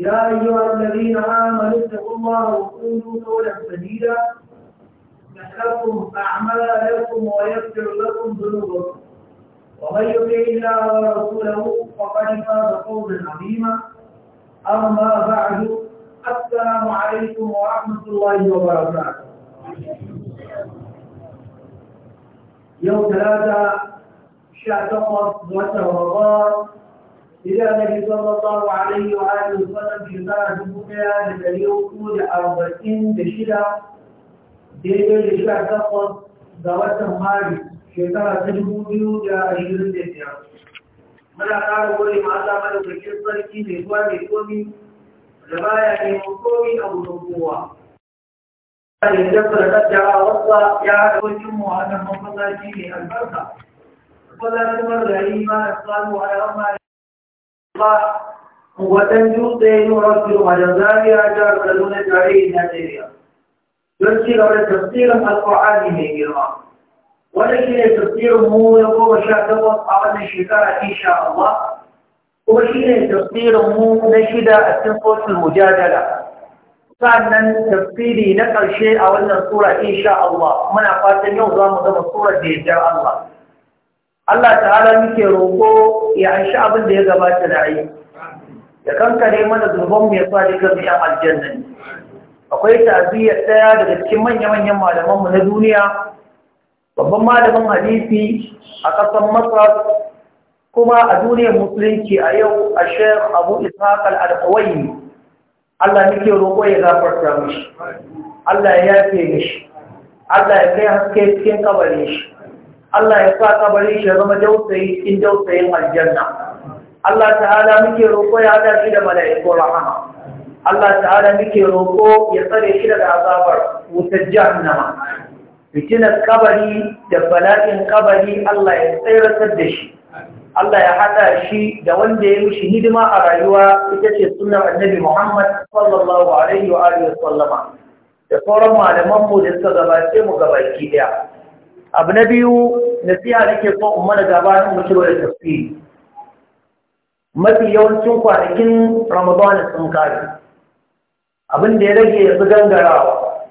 يا أيها الذين آمنوا اتقوا الله وقولوا قولا سديدا أعمال لكم ويغفر لكم ذنوبكم ومن يطع الله ورسوله فقد فاز فوزا عظيما أما بعد السلام عليكم ورحمة الله وبركاته يوم ثلاثة شهر تقص وتر رمضان إذا النبي صلى الله عليه وآله وسلم في سنة دبوكيا لتليه قول أربعين بشدة ديدي لشاء تقص دوات ماري شكرا تجمو بيو جاء أشير الدنيا من أقار قولي ما أتى من أبكر صلكي لإخوان لكومي ربايا لمقومي أبو نبوة يجبر تجرى وصلا يا أبو جمو أنا مفضل جيني البركة فلا تمر رأيما أصلاله على أمه watan dutse university of Zariya jihar Kaduna tarihin Najeriya. Don ci gaba da tafsirin Alƙur'ani mai girma. Wanda shi ne tafsirin mu na goma sha takwas a wannan shekara insha Allah. Kuma shi ne tafsirin mu na shida a cikin sosul mujadala. Sannan tafsiri na ƙarshe a wannan sura insha Allah. Muna fatan yau za mu zama surar da ya yardar Allah. Allah ta'ala muke roƙo ya anshi abin da ya gabata da ayi ya kankare mana mu mai sa duka biya aljanna ne akwai ta'aziyya ɗaya daga cikin manya-manyan malamanmu na duniya babban malamin hadisi a ƙasar masar kuma a duniyar musulunci a yau a shek abu ishaq al-alƙawai Allah muke roƙo ya gafarta mishi Allah ya yafe mishi Allah ya kai haske cikin kabarin shi Allah ya sa kabari shi zama dausayi cikin dausayin aljanna Allah ta'ala muke roƙo ya haɗa shi da mala'iku, rahama Allah ta'ala muke roƙo ya tsare shi daga azabar wutar jahannama fitinar kabari da bala'in kabari Allah ya tsayratar da shi Allah ya haɗa shi da wanda ya mishi hidima a rayuwa ita ce sunnar annabi Muhammad sallallahu alaihi wa alihi wa sallama da sauran malaman mu da suka gabace mu gabaki daya abu na biyu nasiha nake so in mana gabanin mu da tafi. mafi yawancin kwanakin ramadana sun kare Abinda ya rage yanzu gangarawa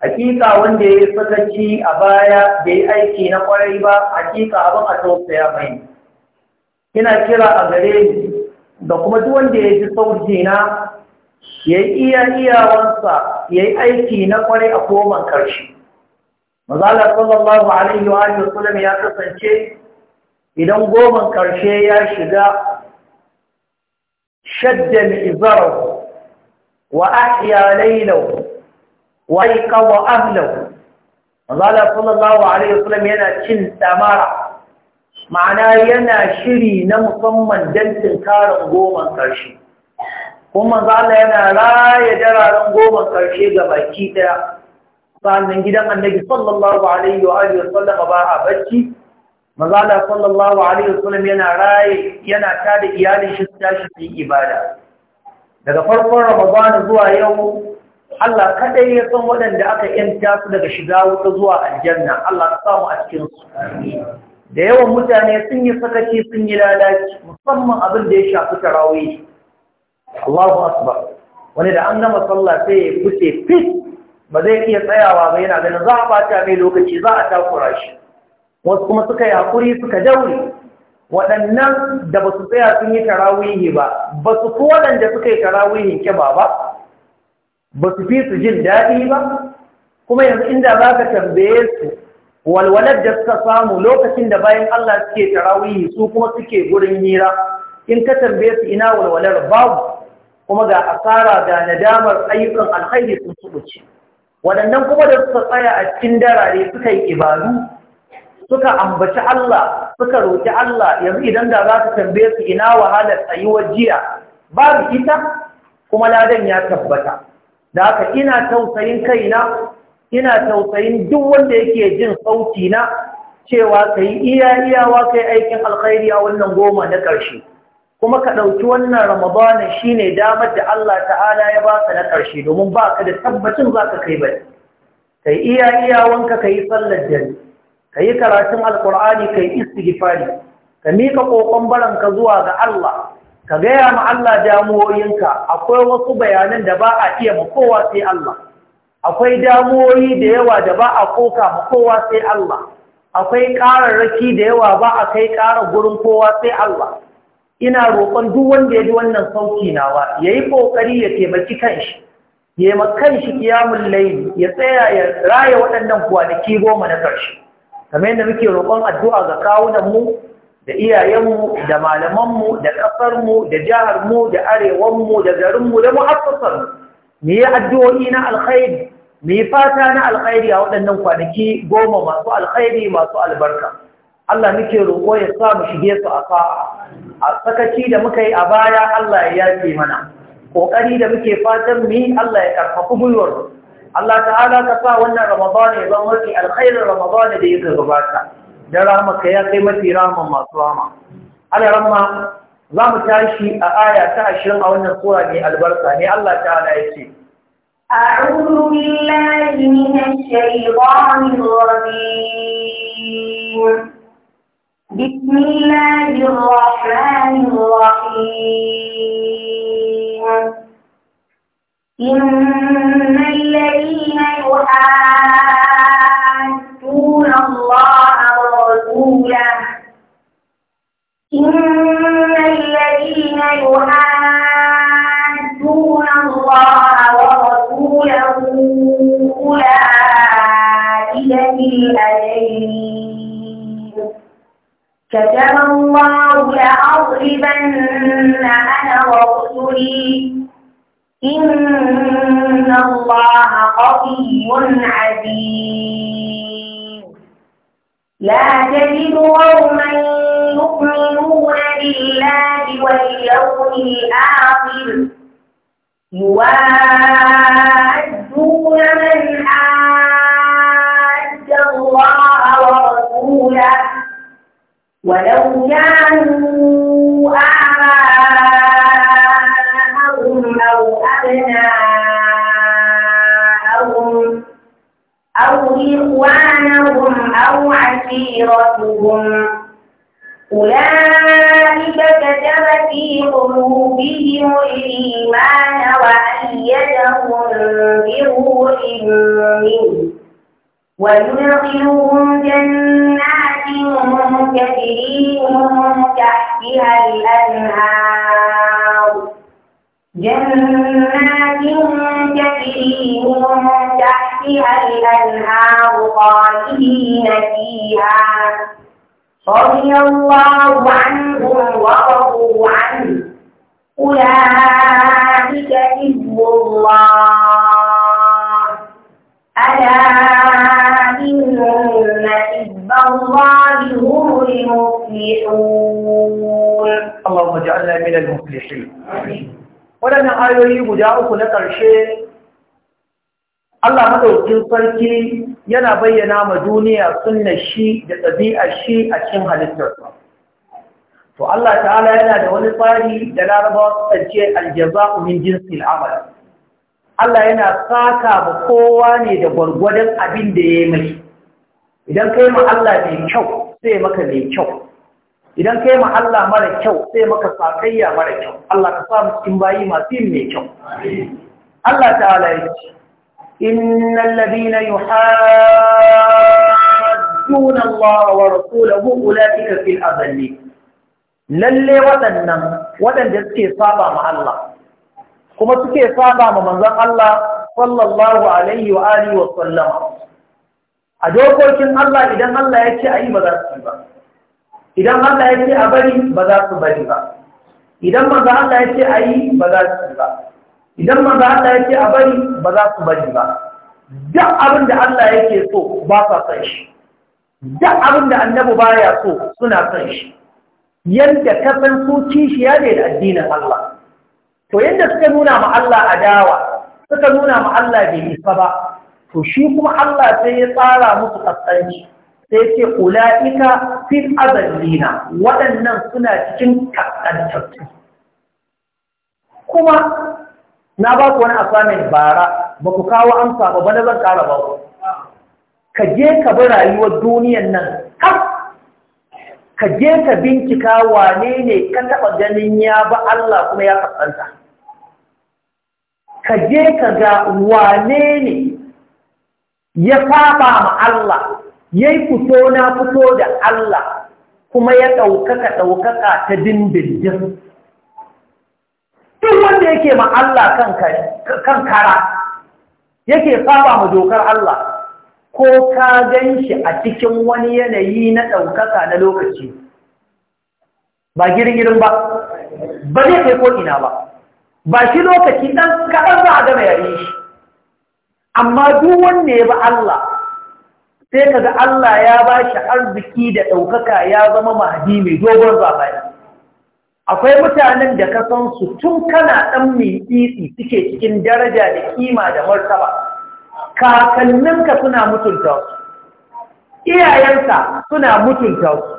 hakika wanda ya yi sakaci a baya da ya aiki na kwarai ba hakika abin a ya mai ina kira a gare ni da kuma duk wanda ya ji sauji na ya yi iya iyawansa ya yi aiki na kwarai a koman karshe Mazalar sallallahu Alaihi wa Alaihi ya kasance idan goman karshe ya shiga shadda izar wa ahya lailau wa aika wa ahlau. Mazalar sallallahu Alaihi wa yana cin damara, ma'ana yana shiri na musamman dantin tinkarin goman karshe, Kuma mazalar yana raya jararin goman karshe ga baki ɗaya. sannan gidan annabi sallallahu alaihi wa alihi wasallam ba a bacci Maza mazala sallallahu alaihi wasallam yana raye yana tada iyalin shi tashi yi ibada daga farkon ramadan zuwa yau Allah kadai ya san wadanda aka yanta su daga shiga wuta zuwa aljanna Allah ka samu a cikin su da yawan mutane sun yi sakaci sun yi lalaci musamman abin da ya shafi tarawih Allahu akbar wani da an gama sallah sai ya fice fit ba zai iya tsayawa ba yana ganin za a bata mai lokaci za a takura shi wasu kuma suka yi hakuri suka daure waɗannan da ba su tsaya sun yi tarawihi ba ba su fi waɗanda suka yi tarawihin kiba ba ba su fi su jin daɗi ba kuma yanzu inda za ka tambaye su walwalar da suka samu lokacin da bayan Allah suke tarawihi su kuma suke gurin hira in ka tambaye su ina walwalar babu kuma ga asara ga nadamar ayyukan alkhairi sun suɓuce waɗannan kuma da suka tsaya a cikin darare suka yi ibadu suka ambaci Allah suka roƙi Allah yanzu idan da za su tambaye su ina wahalar wa jiya babu ita kuma ladan ya tabbata da haka ina tausayin kaina ina tausayin duk wanda yake jin sauti na cewa kai iya iyawa kai aikin alkhairi a wannan goma na ƙarshe kuma ka ɗauki wannan ramadanin ne damar da Allah ta'ala ya ba ka na ƙarshe domin ba ka da tabbacin za ka kai bai ka yi iya iyawanka ka yi sallar jari, ka yi karatun alkur'ani ka yi istighfari ka miƙa ƙoƙon baranka zuwa ga Allah ka gaya ma Allah damuwoyinka akwai wasu bayanan da ba a iya ma kowa sai Allah akwai damuwoyi da yawa da ba a koka ma kowa sai Allah akwai ƙararraki da yawa ba a kai ƙarar gurin kowa sai Allah ina roƙon duk wanda ya ji wannan sauki nawa ya yi ƙoƙari ya taimaki kanshi ya yi makanshi kiyamun laili ya tsaya ya raya waɗannan kwanaki goma na ƙarshe kamar yadda muke roƙon addu'a ga kawunanmu da iyayenmu da malamanmu da ƙasarmu da jiharmu da arewanmu da garinmu da mu'assasarmu mu yi addu'o'i na alkhairi mu yi fata na alkhairi a waɗannan kwanaki goma masu alkhairi masu albarka Allah muke roƙo ya sa mu shige su a sa'a a sakaci da muka yi a baya Allah ya yafe mana ƙoƙari da muke fatan mu yi Allah ya karfafa gwiwar Allah ta'ala ka sa wannan Ramadan ya zama mafi alkhairin Ramadan da yake gabata da rahmaka ya kai mafi rahman masu rama. Allah ramma! za mu tashi a aya ta ashirin a wannan sura ne albarka ne Allah ta'ala ya ce أعوذ بالله من الشيطان الرجيم بسم الله الرحمن الرحيم إن الذين يحادون الله ورسوله إن الذين يحادون كتب الله لأغلبن أنا ورسلي إن الله قوي عزيز لا تجد قوما يؤمنون بالله واليوم الآخر يوادون من آمن ولو كانوا آباءهم أو أبناءهم أو إخوانهم أو عشيرتهم أولئك كتب في قلوبهم الإيمان وأيدهم بروح منه ويدخلهم جنات نعيم تجري من تحتها الأنهار جنات تجري من تحتها الأنهار خالدين فيها رضي الله عنهم ورضوا عنه أولئك حزب الله ألا إن المفلحون اللهم اجعلنا من المفلحين ولنا آيوي بداؤك نترشي Allah maɗaukin sarki yana bayyana ma duniya sunnar shi da ɗabi'ar shi a cikin halittarsa. To Allah ta'ala yana da wani tsari da larabawa su tsarki aljaza'u min jinsil amal. Allah yana saka ba kowa ne da gwargwadon abin da ya yi mai. Idan kai ma Allah mai kyau, sai maka mai kyau idan kai ma Allah mara kyau sai maka sakayya mara kyau Allah ka samu cikin bayi masu yin mai kyau Allah ta'ala ya ce Inna ladina yuhadduna Allah wa rasulahu ulaika fil adalli lalle waɗannan waɗanda suke saba ma Allah kuma suke saba ma manzon Allah sallallahu alaihi wa alihi wa sallama a dokokin Allah idan Allah ya ce a yi ba za su yi ba idan Allah ya ce a bari ba za su bari ba idan manzo Allah ya ce a yi ba za su yi ba idan manzo Allah ya ce a bari ba za su bari ba duk abin da Allah ya ke so ba sa son shi duk abin da annabi baya so suna son shi yadda ka san su kishiya ne da addinin Allah to yadda suka nuna ma Allah adawa suka nuna ma Allah bai isa ba to shi kuma Allah sai ya tsara musu kaskanci sai ce ula'ika fil azallina waɗannan suna cikin kaskantattu kuma na ba ku wani asamin bara ba ku kawo amsa ba bane zan ƙara ba ka je ka bi rayuwar duniyan nan ka je ka bincika wane ne ka taɓa ganin ya ba Allah kuma ya kaskanta ka je ka ga wane ne ya saba ma Allah ya yi fito na fito da Allah kuma ya ɗaukaka ɗaukaka ta dindindin duk wanda yake ma Allah kan kara yake saba ma dokar Allah ko ka gan shi a cikin wani yanayi na ɗaukaka na lokaci ba girgirin ba ba zai kai ko ina ba ba shi lokaci ɗan kaɗan za a gama yare shi amma duk wanne ya bi Allah sai kaga Allah ya ba shi arziki da ɗaukaka ya zama mahadi mai dogon zamani akwai mutanen da ka san su tun kana ɗan mai tsitsi suke cikin daraja da kima da martaba kakanninka suna mutunta su iyayenka suna mutunta su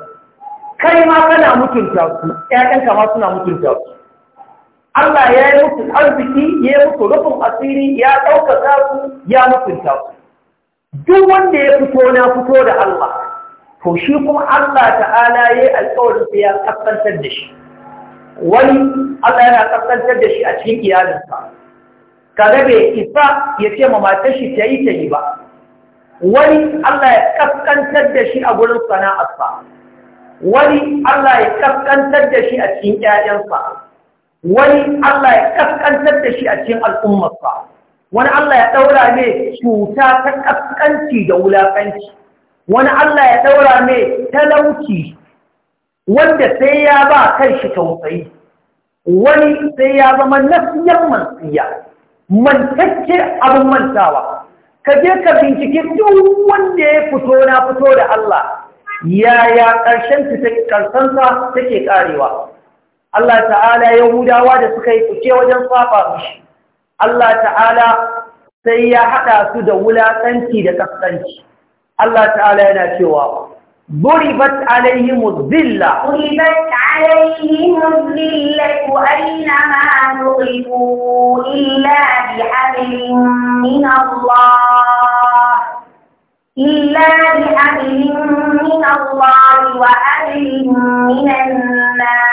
kai ma kana mutunta su ƴaƴanka ma suna mutunta su Allah ya yi musu arziki ya yi musu rufin asiri ya ɗaukaka su ya mutunta su duk wanda ya fito na fito da Allah to shi kuma Allah ta'ala ya yi alƙawarin sai ya kaskantar da shi wani Allah yana kaskantar da shi a cikin iyalinsa kaga bai isa ya ce ma matar shi ta yi ta yi ba wani Allah ya kaskantar da shi a gurin sana'arsa wani Allah ya ƙasƙantar da shi a cikin ƴaƴansa wani Allah ya kaskantar da shi a cikin al'ummarsa wani Allah ya ɗaura mai cuta ta kaskanci da wulaƙanci wani Allah ya ɗaura mai talauci wanda sai ya ba kan shi tausayi wani sai ya zama nasiyan mantsiya mantacce abin mantawa ka je ka bincike duk wanda ya fito na fito da Allah yaya ƙarshen ta ƙarsansa take ƙarewa Allah ta'ala yahudawa da suka yi fice wajen tsafa mishi Allah ta'ala sai ya hada su da wulakanci da kaskanci Allah ta'ala yana cewa buribat buribat zilla zilla عليهم aina ma عليهم illa bi نغلبوا min Allah illa bi إلا min Allah wa وحبل من الناس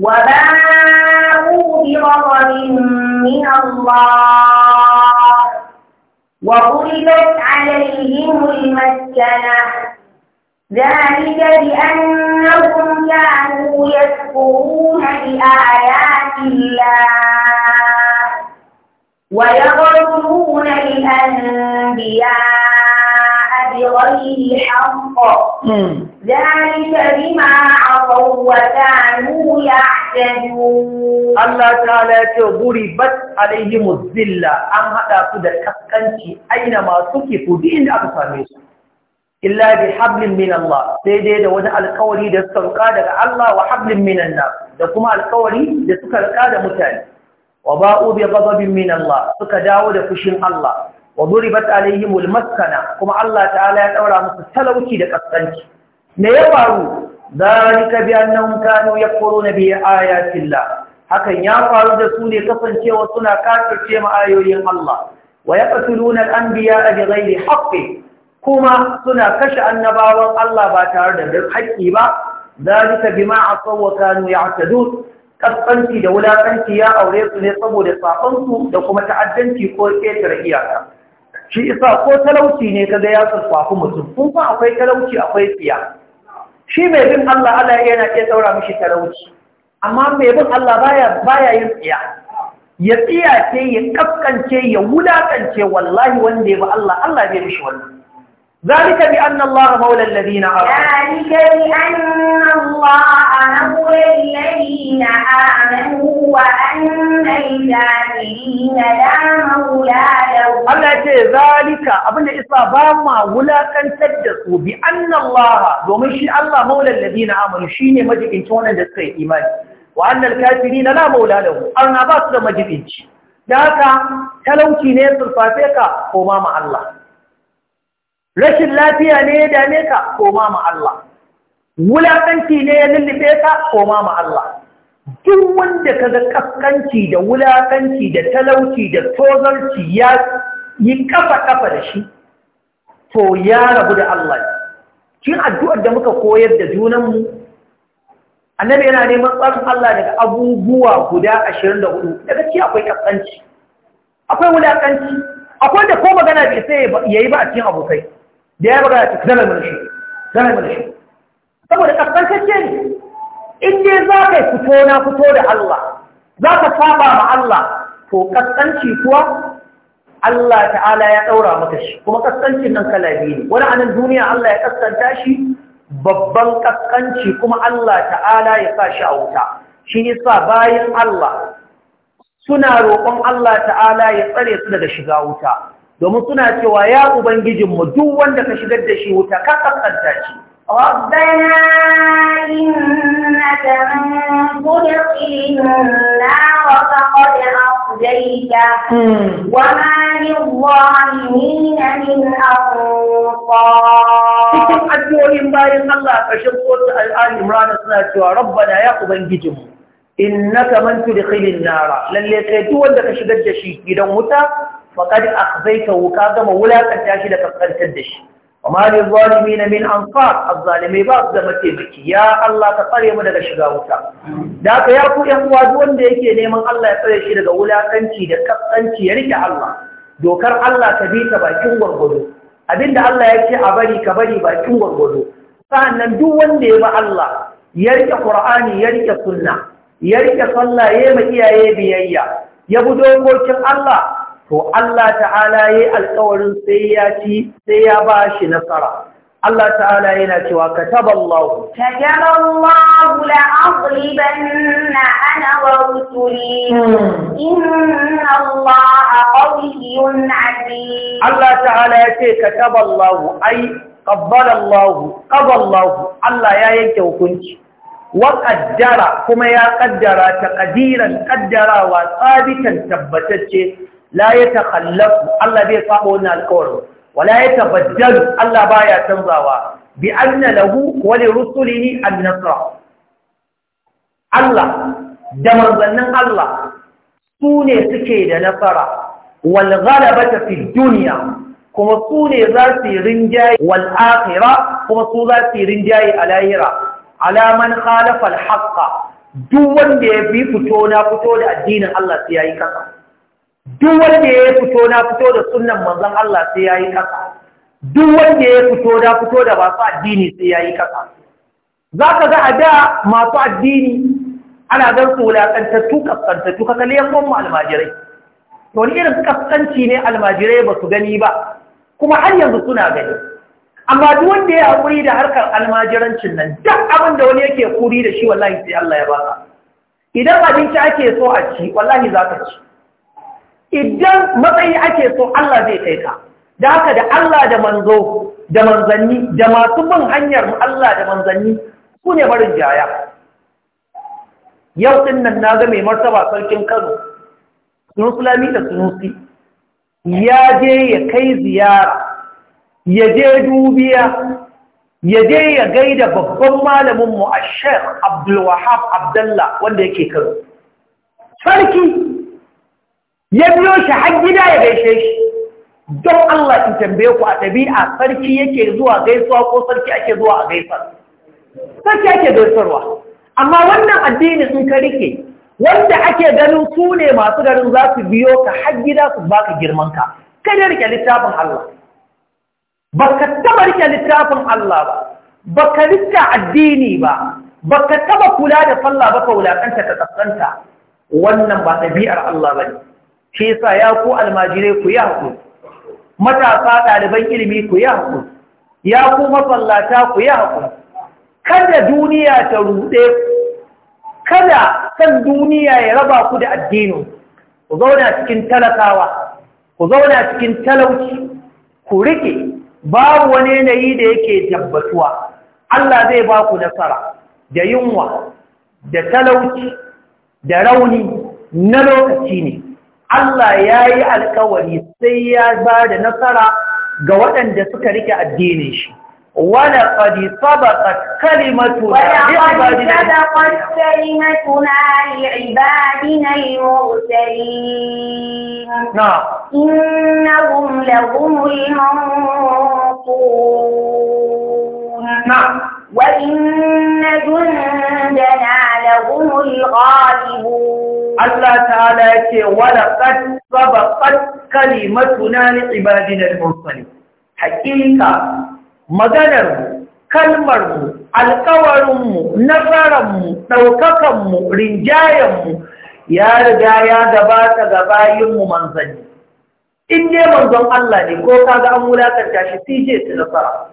وباءوا بغضب من الله وغلبت عليهم المسكنة ذلك بأنهم كانوا يكفرون بآيات الله ويقتلون للأنبياء بغير الحق ذلك بما عصوا وكانوا يعتدون الله تعالى ضربت عليهم الذلة أم هذا كده كسكنتي أينما سكفوا بإن أبصامي إلا بحبل من الله سيدي ده وده القولي ده سلقا ده الله وحبل من الناس ده كما القولي ده سلقا ده متالي وباءوا بغضب من الله سكداوا ده فشين الله wa duribat alaihimul maskana kuma Allah ta'ala ya ɗaura musu talauci da kaskanci me ya faru zalika bi annahum kanu yakfuruna bi ayati Allah hakan ya faru da su ne kasancewa suna kafirce ma Allah wa yaqtuluna al-anbiya bi ghairi haqqi kuma suna kashe annabawan Allah ba tare da haƙƙi ba zalika bima asaw wa kanu ya'tadun kaskanci da wulakanci ya aure su ne saboda safansu da kuma ta'addanci ko ƙetare iyaka shi isa ko talauci ne kaga ya tsarfafi mutum kun akwai talauci akwai tsiya shi mai bin Allah Allah yana iya saura mishi talauci amma mai bin Allah baya baya yin tsiya ya tsiya ce ya kaskance ya wulakance wallahi wanda ya bi Allah Allah zai mishi wannan ذلك بأن الله مولى الذين آمنوا ذلك بأن الله مولى الذين آمنوا وأن الكافرين لا مولى Allah ya ce zalika abinda isa ba ma wulakantar da su bi annallaha domin shi Allah maulal ladina amanu shine majibincin wannan da suka yi imani wa annal kafirina la maula lahu arna ba su da majibinci da haka talauci ne sulfafe ka koma ma Allah rashin lafiya ne ya dame ka koma ma Allah wulakanci ne ya lullube ka koma ma Allah duk wanda ka ga kaskanci da wulakanci da talauci da tozarci ya yi kafa kafa da shi to ya rabu da Allah cin addu'ar da muka koyar da junanmu annabi yana neman tsarin Allah daga abubuwa guda ashirin da hudu daga ci akwai kaskanci akwai wulakanci akwai da ko magana bai sai ya yi ba a cikin abokai da ya magana cikin zanar mana shi zanar mana shi saboda kaskantacce ne in dai za ka yi fito na fito da Allah za ka saba ma Allah to kaskanci kuwa Allah ta'ala ya ɗaura maka shi kuma ƙasƙancin nan kala ne wani anan duniya Allah ya ƙasƙanta shi babban ƙasƙanci kuma Allah ta'ala ya sa shi a wuta shi yasa bayan Allah suna roƙon Allah ta'ala ya tsare su daga shiga wuta domin suna cewa ya ubangijinmu duk wanda ka shigar da shi wuta ka ƙasƙanta shi ربنا إنك من تدخل النار فقد أخزيته وما للظالمين من أنصار cikin addu'o'in bayan Allah ƙarshen kotu al'an Imran suna cewa rabbana ya ubangijinmu innaka man tudkhilin nara lalle kai duk wanda ka shigar da shi gidan wuta faqad akhzaytahu ka gama wulakanta shi da kaskantar da shi amma ne zalimi na min an azzalimai ba su da mataimaki ya Allah ka tsare mu daga shiga wuta da aka ya ku yan uwa wanda yake neman Allah ya tsare shi daga wulakanci da kaskanci ya rike Allah dokar Allah ta bi ta bakin gwargwado abinda Allah ya ce a bari ka bari bakin gwargwado sa'annan duk wanda ya ba Allah ya rike Qur'ani ya rike sunna ya rike sallah ya ma iyaye biyayya ya bi dokokin Allah to Allah ta'ala yi alƙawarin sai ya ci sai ya ba shi nasara Allah ta'ala yana cewa "Ka ka kataballahu kataballahu la'aghlibanna ana wa rusuli inna Allaha qawiyyun 'aziz Allah ta'ala yace kataballahu ai qabbalallahu qaballahu Allah ya yanke hukunci wa ƙaddara kuma ya ƙaddara ta ƙadiran ƙaddarawa tsabitan tabbatacce la ya takhallafu Allah bai saba wannan alƙawarin wala ya tabaddalu Allah baya canzawa bi anna lahu wa li rusulihi an-nasra Allah da manzannin Allah su ne suke da nasara wal ghalabata fi dunya kuma su ne za su yi rinjaye wal'akira kuma su za su yi rinjaye a lahira alaman khalafar haƙa duk wanda ya fi fito na fito da addinin Allah su yayi kasa duk wanda ya fito na fito da sunan manzon Allah sai yayi kasa duk wanda ya fito na fito da masu addini sai yayi kasa zaka ga a da masu addini ana gan su wulakantattu kaskantattu tuka kalli yankon mu almajirai to ni irin kaskanci ne almajirai ba su gani ba kuma har yanzu suna gani amma duk wanda ya hakuri da harkar almajirancin nan duk abin da wani yake kuri da shi wallahi sai Allah ya baka idan abinci ake so a ci wallahi za ka ci idan matsayi ake so Allah zai kai ka da haka da Allah da manzo da manzanni da masu bin hanyar Allah da manzanni su ne barin jaya yau din nan na ga mai martaba sarkin Kano sulami da Sunusi ya je ya kai ziyara ya je dubiya ya je ya gaida babban malamin mu a Sheikh Abdul Abdullah wanda yake Kano sarki ya biyo shi har gida ya gaishe shi don Allah in tambaye ku a ɗabi'a sarki yake zuwa gaisuwa ko sarki ake zuwa a gaisar sarki ake gaisarwa amma wannan addini in ka rike wanda ake ganin su ne masu garin za su biyo ka har gida su baka girman ka kada rike littafin Allah ba ka taba rike littafin Allah ba ba ka rike addini ba ba ka taba kula da sallah ba ka wulakanta ta tsakanta wannan ba ɗabi'ar Allah ba ne shi sa ya ku almajirai ku yi haƙuri matasa ɗaliban ilimi ku yi haƙuri ya ku mafallata ku yi haƙuri kada duniya ta ruɗe kada kan duniya ya raba ku da addinin ku zauna cikin talakawa ku zauna cikin talauci ku rike babu wani yanayi da yake tabbatuwa Allah zai ba ku nasara da yunwa da talauci da rauni na lokaci ne Allah ya yi alkawari sai ya ba da nasara ga waɗanda suka rike addinin shi. Wala ƙadi sabaƙat kalimatu na ibadina Na. Na. Wa ta'ala هم الغالبون الله تعالى يكي ولقد سبقت كلمتنا لعبادنا المرسلين حقيقة مغنر mu, alkawarinmu, nasararmu, ɗaukakanmu, rinjayenmu ya riga ya gabata ga bayinmu manzanni. In ne manzon Allah ne ko kaga an wulakanta shi sai je su nasara.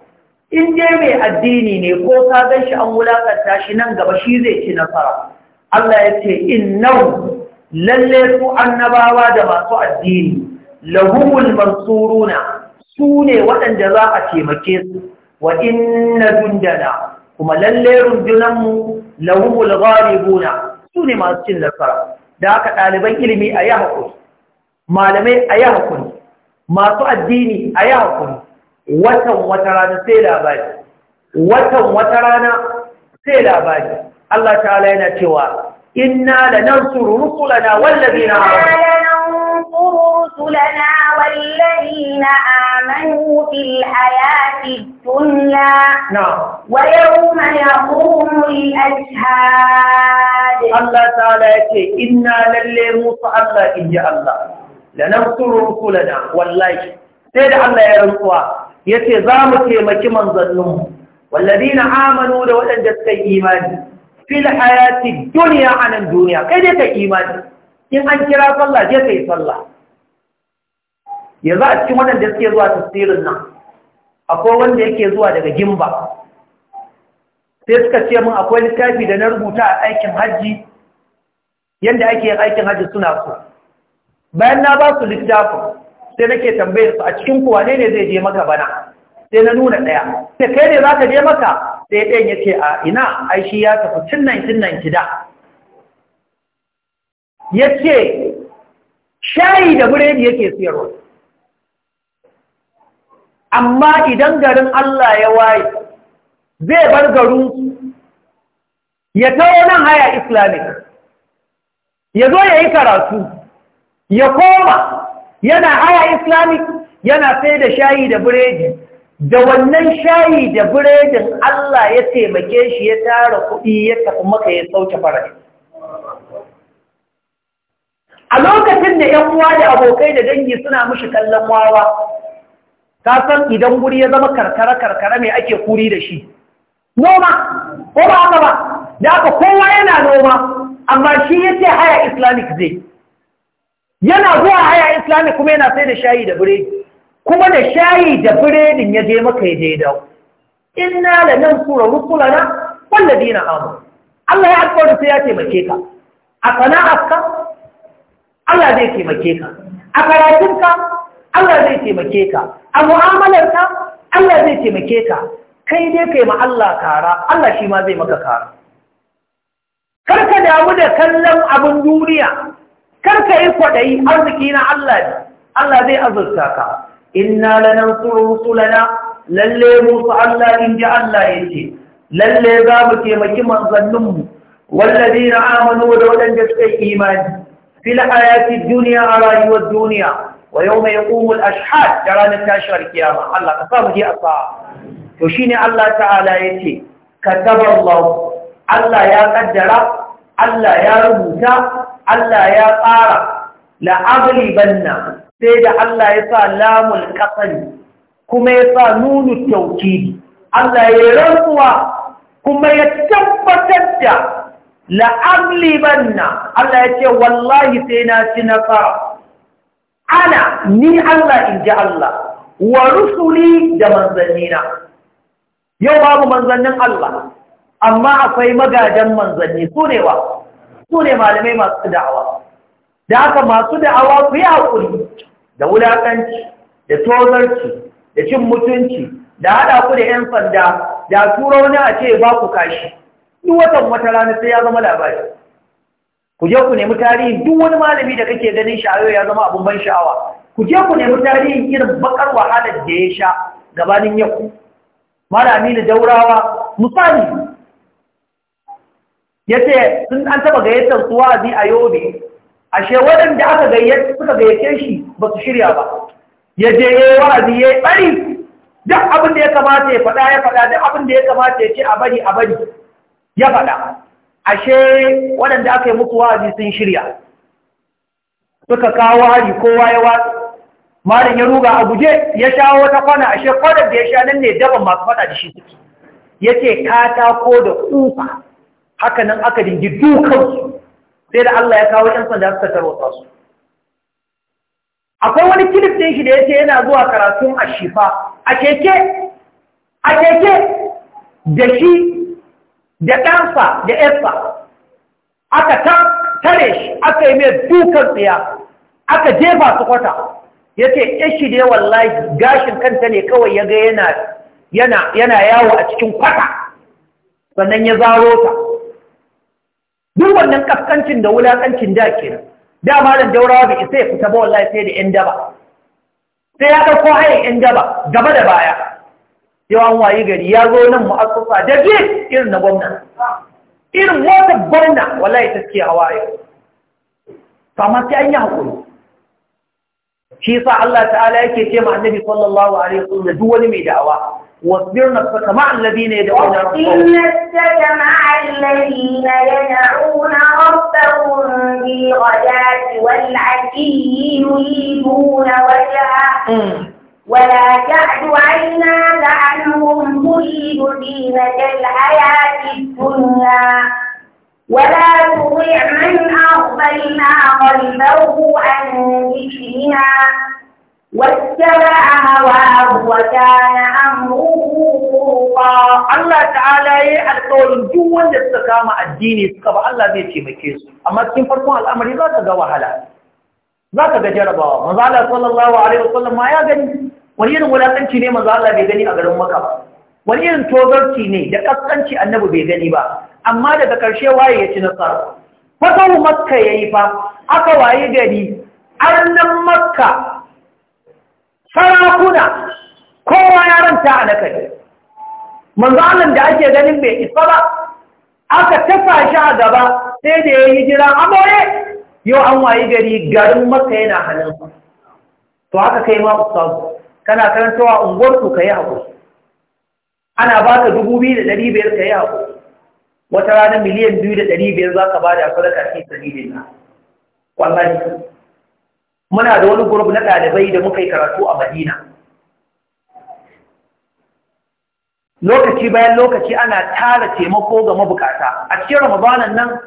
in dai mai addini ne ko ka gan shi an wulakanta shi nan gaba shi zai ci nasara Allah ya ce innau lalle su annabawa da masu addini lahumul mansuruna su ne waɗanda za a taimake su wa inna dundana kuma lalle rundunanmu lahumul ghalibuna su ne masu cin nasara da haka ɗaliban ilimi a yi hakuri malamai a yi hakuri masu addini a yi hakuri watan wata rana sai labari watan wata rana sai labari Allah ta'ala yana cewa inna lanansuru rusulana wallazina amanu inna lanansuru rusulana wallazina amanu fil hayati dunya na'am wa yawma yaqumu al-ashhad Allah ta'ala yace inna lallahi musa Allah inja Allah lanansuru rusulana wallahi sai da Allah ya rantsuwa yace za mu taimaki manzanninmu walladina amanu da waɗanda suka yi imani fil hayati dunya anan duniya kai dai ka imani in an kira sallah je kai sallah yanzu a cikin waɗanda suke zuwa tafsirin nan akwai wanda yake zuwa daga gimba sai suka ce min akwai littafi da na rubuta a aikin hajji yanda ake yin aikin hajji suna so bayan na ba su littafin sai nake tambayar su a cikin kuwa ne ne zai je maka bana sai na nuna ɗaya sai kai ne za ka je maka sai ɗayan ya ce a ina aishi shi ya tafi cin nan kida ya ce shayi da biredi yake siyarwa amma idan garin Allah ya waye zai bar garin ya tawo nan haya islamic ya zo ya yi karatu ya koma yana haya islamic yana sai da shayi da biredi da wannan shayi da biredin Allah ya taimake shi ya tara kuɗi ya tafi maka ya sauke farari a lokacin da ‘yan uwa da abokai da dangi suna mushi kallon wawa ka san idan guri ya zama karkara-karkara mai ake kuri da shi noma ko ba ba da aka kowa yana noma amma shi ya ce haya islamic zai yana zuwa haya islami kuma yana sai da shayi da biredi kuma da shayi da biredin ya je maka ya je dawo inna la nansura rusulana dina amanu Allah ya alƙawari sai ya taimake ka a sana'arka Allah zai taimake ka a karatunka Allah zai taimake ka a mu'amalarka Allah zai taimake ka kai dai kai ma Allah kara Allah shi ma zai maka kara karka damu da kallon abin duniya kar ka yi kwaɗayi arziki na Allah ne Allah zai azurta ka inna lanan suru rusulana lalle musu Allah in ji Allah ya ce lalle za mu taimaki manzanninmu wallazi na amanu da waɗanda suka yi imani fil hayati duniya a rayuwar duniya wa yau mai ƙumul ashad da ranar tashiwar kiyama Allah ka samu je a sa'a to shine Allah ta'ala ya ce kataballahu Allah ya ƙaddara. Allah ya rubuta Allah ya tsara banna, sai da Allah ya sa lamul qasri kuma ya sa nunu tawkidi Allah ya rantsuwa kuma ya tabbatar da la'aglibanna Allah ya ce wallahi sai na ci nasara ana ni Allah in ji Allah wa rusuli da manzannina yau babu manzannin Allah amma akwai magajen manzanni su ne wa su ne malamai masu da'awa da haka masu da'awa ku yi haƙuri da wulaƙanci da tozarci da cin mutunci da haɗa ku da 'yan sanda da turo wani a ce ba ku kashi duk watan wata rana sai ya zama labari ku je ku nemi tarihin duk wani malami da kake ganin yau ya zama abin ban sha'awa ku je ku nemi tarihin irin bakar wahalar da ya sha gabanin yau malami da daurawa misali ya ce sun an taɓa gayyatar su wa'azi a yobe ashe waɗanda aka gayyace suka gayyace shi ba su shirya ba ya je ya yi wa'azi ya yi bari. duk abin da ya kamata ya faɗa ya faɗa duk abin da ya kamata ya ce a bari a bari ya faɗa ashe waɗanda aka yi mutu wa'azi sun shirya suka kawo hari kowa ya watsa malin ya ruga a guje ya sha wata kwana ashe kwanar da ya sha nan ne daban masu fada da shi suke ya ce katako da kuka haka nan aka dingi dukansu sai da Allah ya kawo ‘yan sanda suka tarwata su. Akwai wani kilif ɗin shi da ya yana zuwa karatun a shifa, a keke, a keke da shi da ɗansa da ‘yarsa, aka tare shi, aka yi mai dukan tsaya, aka jefa su kwata, ya ce ‘yashi yawan wallahi gashin kanta ne kawai ya ga yana yawo a cikin kwata, sannan ya zaro ta. duk wannan kaskancin da wulakancin da ke kenan da malam daurawa bai isa ya fita ba wallahi sai da yan daba sai ya dauko hayan yan daba gaba da baya yawan wayi gari ya zo nan mu'assasa da gate irin na gwamna irin wata gwamna wallahi taskiya hawaye amma sai an yi hakuri shi sa Allah ta'ala yake ce ma annabi sallallahu alaihi wasallam duk wani mai da'awa واصبر نفسك مع الذين يدعون ربهم مع الذين يدعون ربهم بالغداة والعشي يريدون وجهه ولا تعد عيناك عنهم تريد زينة الحياة الدنيا ولا تطع من أغفلنا قلبه عن ذكرنا واتبع هواه وكان أمره Allah ta'ala ya yi alƙawarin duk wanda suka kama addini suka ba Allah zai taimake su amma cikin farkon al'amari za ka ga wahala za ka ga jarabawa manzo Allah sallallahu alaihi wasallam ma ya gani wani irin wulakanci ne manzo bai gani a garin Makka wani irin togarci ne da kaskanci annabi bai gani ba amma daga ƙarshe waye ya ci nasara fatahu Makka yayi fa aka waye gari annan Makka sarakuna kowa ya ranta a nakari manzo Allah da ake ganin mai isa ba aka tafa shi a gaba sai da ya yi jira amore yau an wayi gari garin maka yana su to haka kai ma ustaz kana karantawa unguwarsu ka yi haƙuri ana ba ka dubu biyu da ɗari biyar ka yi haƙuri wata rana miliyan biyu da ɗari biyar za ka ba da sadaka fi sabilillah wallahi muna da wani gurbi na ɗalibai da muka yi karatu a madina lokaci bayan lokaci ana tara taimako ga mabukata a cikin ramadanan nan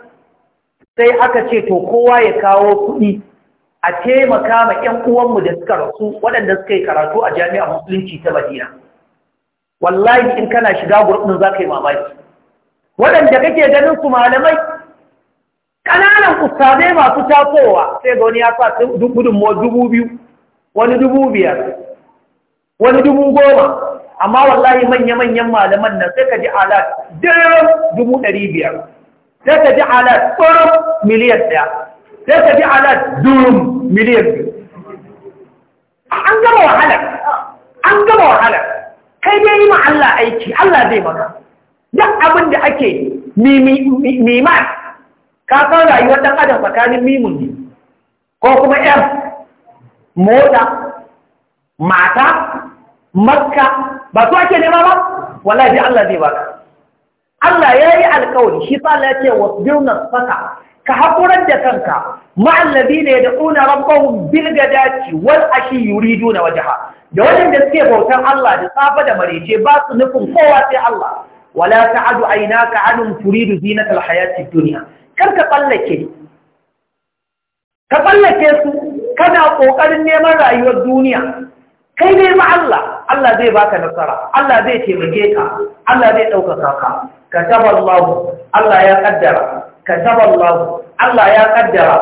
sai aka ce to kowa ya kawo kuɗi a taimaka ma 'yan uwanmu da suka rasu waɗanda suka yi karatu a jami'a musulunci ta madina wallahi in kana shiga gurbin za ka yi mamaki waɗanda kake ganin su malamai ƙananan ustazai masu tasowa sai ga wani ya sa gudunmuwa dubu biyu wani dubu biyar wani dubu goma amma wallahi manya-manyan malaman nan sai ka ji alat dirin dubu ɗari biyar sai ka ji alat ɓurin miliyan ɗaya sai ka ji alat durin miliyan biyu an gama wahalar an gama wahalar kai ne yi ma Allah aiki Allah zai maka duk abin da ake mima ka san rayuwar ɗan adam tsakanin mimun ne ko kuma yan mota mata makka ba su ake nema ba wallahi Allah zai baka Allah ya yi alkawari shi sa Allah ya ce saka ka haƙurar da kanka ma'allabi ne da ƙuna rabbahun bilgadaci wal ashi yuridu na wajaha da da suke bautan Allah da tsafa da marece ba su nufin kowa sai Allah wala ta'adu ainaka anum turidu zinatal hayatid dunya kar ka tsallake ka tsallake su kana ƙoƙarin neman rayuwar duniya kai ne ma Allah Allah zai baka nasara Allah zai taimake ka Allah zai ɗaukaka ka kataballahu Allah ya kaddara kataballahu Allah ya kaddara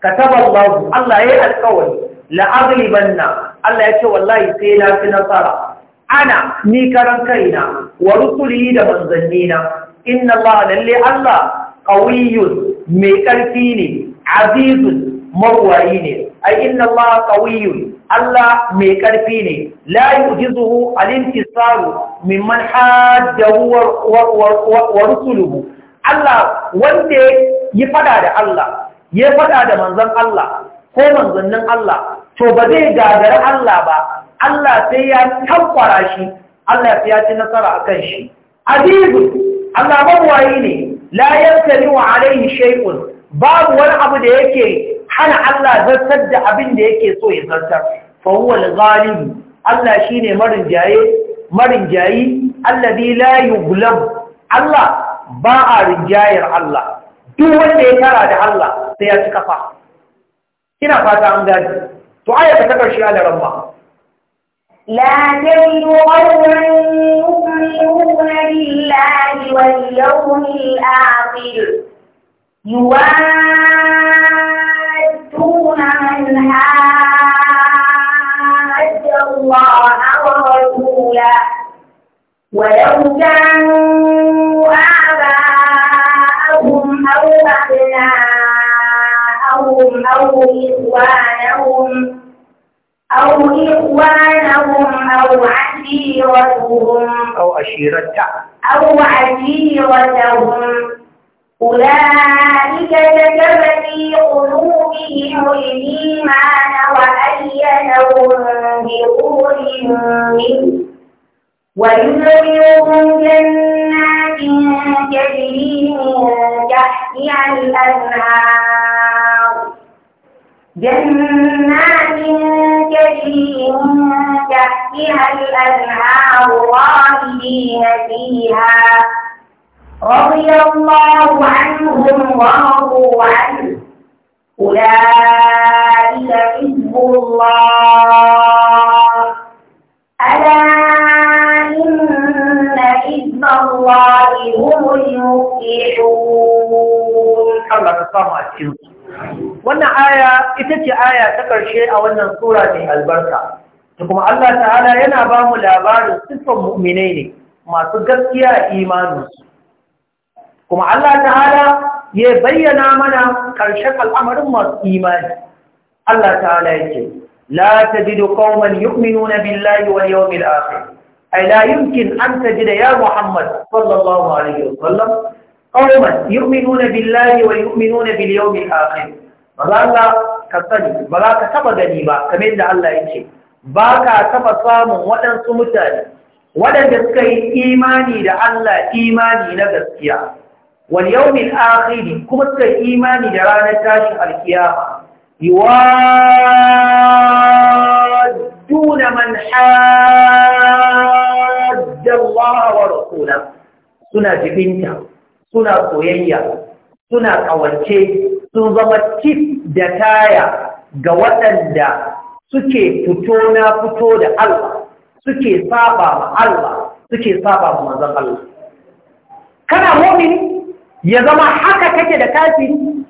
kataballahu Allah ya yi alƙawari la'aglibanna Allah ya ce wallahi sai na fi nasara ana ni karan kaina wa rusuli da manzannina inna Allah lalle Allah qawiyun mai ƙarfi ne azizun mawwayi ne A inna ma qawiyun Allah mai ƙarfi ne la yujizuhu al-intisaru mimman haddahu wa Allah wanda ya fada da Allah ya fada da manzan Allah ko manzannin Allah to ba zai gagara Allah ba Allah sai ya tankwara shi Allah sai ya ci nasara a kan shi azizu Allah mawwayi ne la yantani wa alaihi shay'un babu wani abu da yake hana Allah zartar da abin da yake so ya zartar fa huwa al-ghalib Allah shine marin jaye marin jayi alladhi la yughlab Allah ba a rinjayar Allah duk wanda ya tara da Allah sai ya ci kafa ina fata an gaji to aya ta karshe a daren ba لا تجد قوما يؤمنون بالله واليوم الآخر يوادون من هاد الله ورسوله ولو كانوا آباءهم أو أبناءهم أو إخوانهم أو إخوانهم أو عشيرتهم أو عشيرتهم أو عشيرتهم أولئك كتب في قلوبهم الإيمان وأيدهم بقول منه ويدخلهم جنات تجري من تحتها الأنهار جنات تجري من تحتها الأنهار خالدين فيها رضي الله عنهم ورضوا عنه أولئك حزب الله ألا إن حزب الله هم المفلحون. الله wannan aya ita ce aya ta ƙarshe a wannan sura mai albarka da kuma Allah ta'ala yana ba mu labarin siffar mu'minai ne masu gaskiya imaninsu kuma Allah ta'ala ya bayyana mana ƙarshen al'amarin masu imani Allah ta'ala yake la tajidu qauman yu'minuna billahi wal yawmil akhir ay la yumkin an tajida ya Muhammad sallallahu alaihi wasallam qauman yu'minuna billahi wa yu'minuna bil yawmil akhir ba za Allah ka sani ba za ka taba gani ba kamar yadda Allah ya ce ba ka taba samun waɗansu mutane waɗanda suka yi imani da Allah imani na gaskiya wal yawmil akhir kuma suka yi imani da ranar tashin alkiyama yuwadduna man hadda Allah wa rasulahu suna jibinta suna soyayya suna ƙawance sun zama tif da taya ga waɗanda suke fito na fito da Allah suke saba ma Allah suke saba ma manzon Allah kana mu'mini ya zama haka kake da kafiri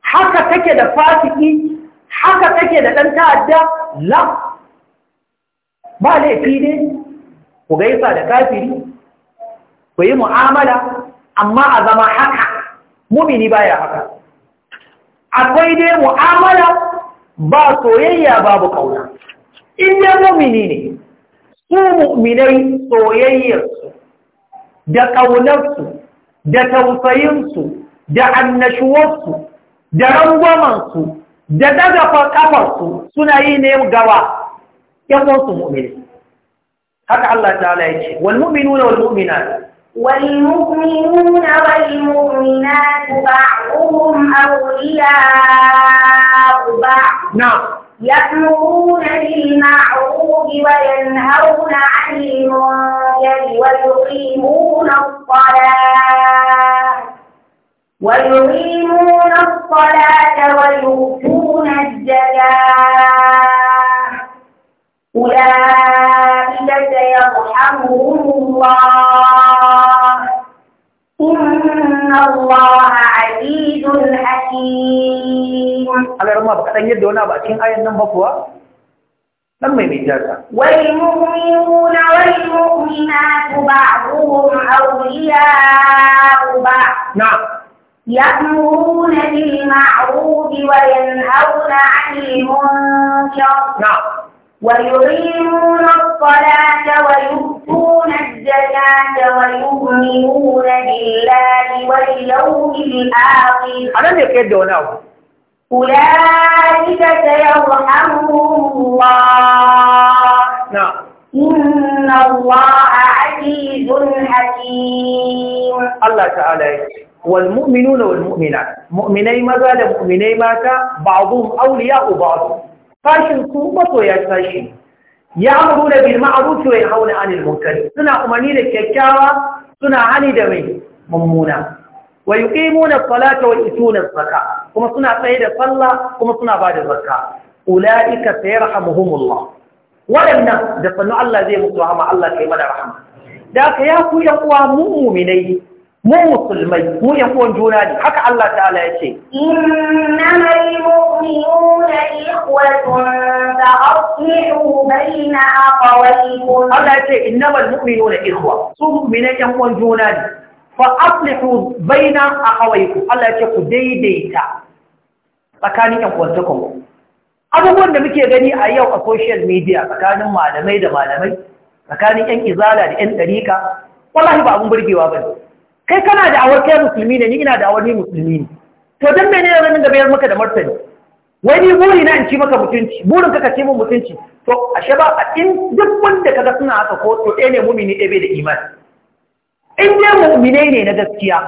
haka kake da fasiki haka kake da ɗan ta'adda la ba laifi ne ku gaisa da kafiri ku yi mu'amala amma a zama haka mumini baya haka akwai dai mu'amala ba soyayya babu kauna in mumini ne su mu'minai soyayyarsu da ƙaunarsu da tausayinsu da annashuwarsu da rangwamansu da daga kafarsu suna yi ne gawa ‘yan wasu mu'mini haka Allah ta ala ce wal mu'minu na wal mu'mina والمؤمنون والمؤمنات بعضهم أولياء بعض نعم يأمرون بالمعروف وينهون عن المنكر ويقيمون الصلاة ويقيمون الصلاة ويؤتون الزكاة أولئك سيرحمهم الله إن الله عزيز حكيم على رمى بكتن يدونا بأكين آية نمبر فوا لما يميجازا والمؤمنون والمؤمنات بعضهم أولياء بعض نعم يأمرون بالمعروف وينهون عن المنكر نعم ويقيمون الصلاة ويؤتون الزكاة ويؤمنون بالله واليوم الآخر أنا كده ونعم أولئك سيرحمهم الله نعم إن الله عزيز حكيم الله تعالى والمؤمنون والمؤمنات مؤمني ماذا مؤمني ماذا بعضهم أولياء بعض sashin su masoya sashi ya amuru da bil ma'ruf wa yanhauna 'anil munkar suna umarni da kyakkyawa suna hani da mai mummuna wa yuqimuna salata wa yutuna zakka kuma suna tsaye da sallah kuma suna ba da zakka ulaika sayarhamuhumullah wadannan da sannu Allah zai musu rahama Allah kai mana rahama da ka ya ku yan uwa mu'minai mu musulmai mu yan uwan juna ne haka Allah ta'ala ya ce innamal mu'minuna ikhwatun fa aslihu baina aqwaykum Allah ya ce innamal mu'minuna ikhwa su mu'mina yan uwan juna ne fa aslihu baina aqwaykum Allah ya ce ku daidaita tsakanin yan uwan takonku abubuwan da muke gani a yau a social media tsakanin malamai da malamai tsakanin yan izala da yan ɗarika wallahi ba abun burgewa bane kai kana da awar kai musulmi ne ni ina da awar ni musulmi ne to dan mene ne da bayar maka da martani wai ni buri na in ci maka mutunci burin ka ka ce mun mutunci to ashe ba a in duk wanda kaga suna haka ko to ɗaya ne mumini ɗaya bai da imani in dai mu'mine ne na gaskiya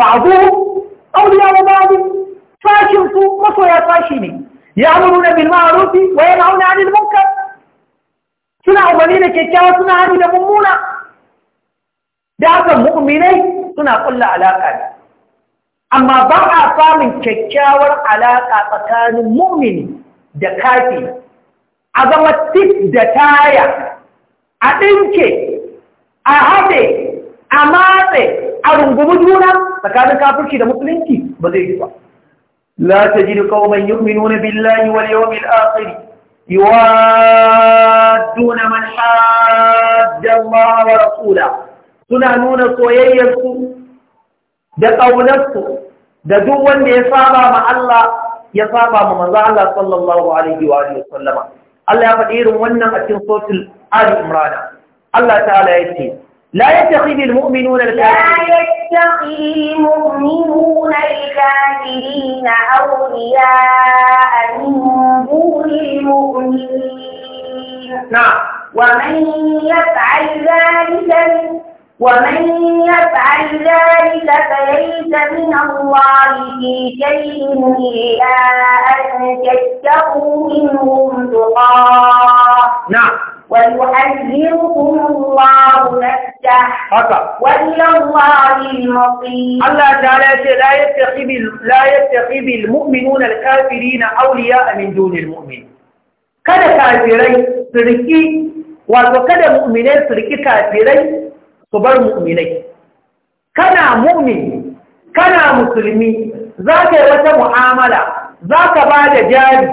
ba zo auliya ba babu fashin su masoya fashi ne ya na bil ma'ruf wa yanhauna 'anil munkar suna umarni da kyakkyawa suna hani da mummuna da haka mu'minai suna kulla alaƙa ne amma ba a samun kyakkyawar alaƙa tsakanin mumin da kafi a zama da taya a ɗinke a haɗe a matse a rungumi juna tsakanin kafirci da musulunci ba zai yi ba la tajidu qauman yu'minuna billahi wal yawmil akhir يوادون من حاد الله ورسوله suna nuna soyayyarsu da ƙaunarsu da duk wanda ya saba ma Allah ya saba ma manzo Allah sallallahu alaihi wa alihi wasallama Allah ya faɗi irin wannan a cikin suratul Ali Imran Allah ta'ala yace لا يتخذ المؤمنون الكافرين لا يتخذ المؤمنون الكافرين أولياء من دون المؤمنين نعم ومن يفعل ذلك ومن يفعل ذلك فليس من الله في شيء إلا أن تشتروا منهم تقاه نعم ويحذركم الله نفسه وإلى الله المصير الله تعالى لا يتخذ لا يتخذ المؤمنون الكافرين أولياء من دون المؤمن كذا كافرين تركي وكذا مؤمنين تركي كافرين Ku bar mu'minai kana mu'min kana musulmi za ka yi wata mu'amala za ka ba da jari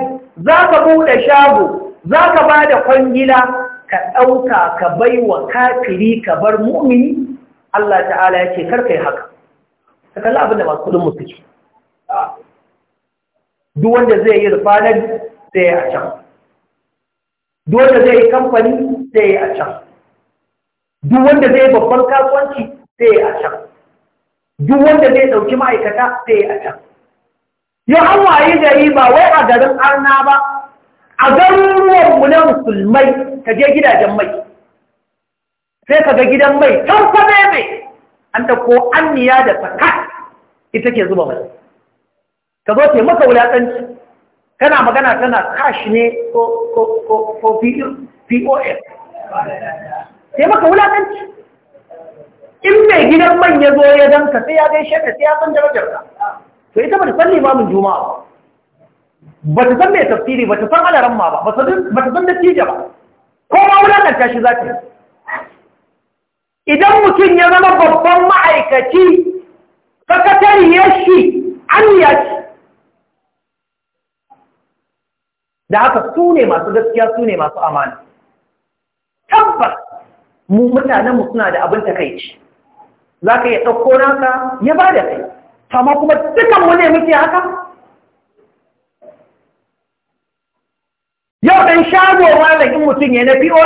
za ka buɗe shago za ka ba da kwangila ka ɗauka ka bai wa kafiri ka bar mu'mini Allah ta'ala ya ce karka yi haka ta kalli abin da masu kudin musu ce duk wanda zai yi rufanar sai a can duk wanda zai yi kamfani sai a can duk wanda zai babban kasuwanci sai a can duk wanda zai ɗauki ma'aikata sai a can ya an waye gari ba wai a garin arna ba a garuruwan mu na musulmai ka je gidajen mai sai ka ga gidan mai can kwame mai an ta ko anniya da saka ita ke zuba mai ka zo ce maka kana magana tana kashi ne ko pos sai maka wulakanci in mai gidan man ya zo ya danka sai ya gaishe ka sai ya san darajar ka to ita ba ta san limamin juma'a ba ta san mai tafsiri ba ta san alaran ma ba ba ta san dattija ba ko ma wulakanta shi za ta yi idan mutum ya zama babban ma'aikaci ya shi an ci. da haka su ne masu gaskiya su ne masu amana tabbas mu mutanenmu suna da abin takaici za ka iya ɗauko naka ya ba da kai amma kuma dukan mu ne muke haka yau ɗan shago malakin mutum ya na pos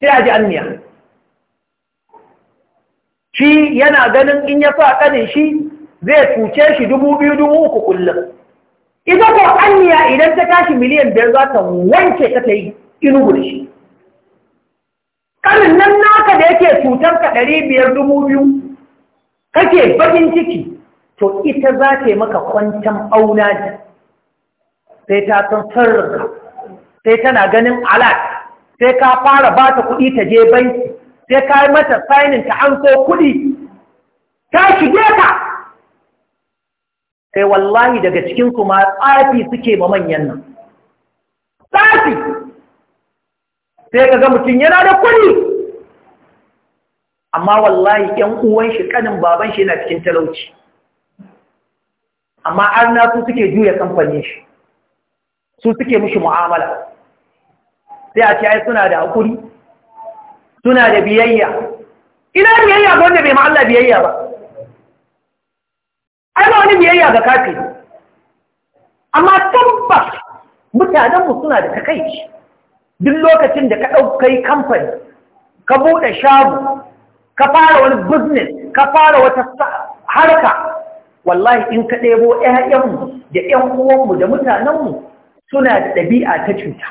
sai a ji anniya shi yana ganin in ya fa ƙanin shi zai cuce shi dubu biyu dubu uku kullum ita ko anniya idan ta tashi miliyan biyar za ta wanke ta ta yi inu shi karin nan naka da yake cutar ka ɗari biyar dubu biyu kake baƙin ciki to ita za ta yi maka kwancan auna ji sai ta san sarrafa sai tana ganin alat sai ka fara ba ta kuɗi ta je banki sai ka yi mata sainin ta an so kuɗi ta shige ka sai wallahi daga cikinsu ma tsafi suke ma manyan nan tsafi sai ka ga mutum yana da kuɗi amma wallahi ƴan uwan shi kanin baban shi yana cikin talauci amma arna su suke juya kamfanin shi su suke mishi mu'amala sai a ce ai suna da hakuri suna da biyayya ina biyayya ga wanda bai ma Allah biyayya ba ai ba wani biyayya ga kafiri amma tabbas mutanenmu suna da takaici duk lokacin da ka ɗaukai kamfani ka buɗe shago ka fara wani business ka fara wata harka wallahi in ka ɗebo ‘ya'yanmu da 'yan'uwanmu da mutanenmu suna da ɗabi'a ta cuta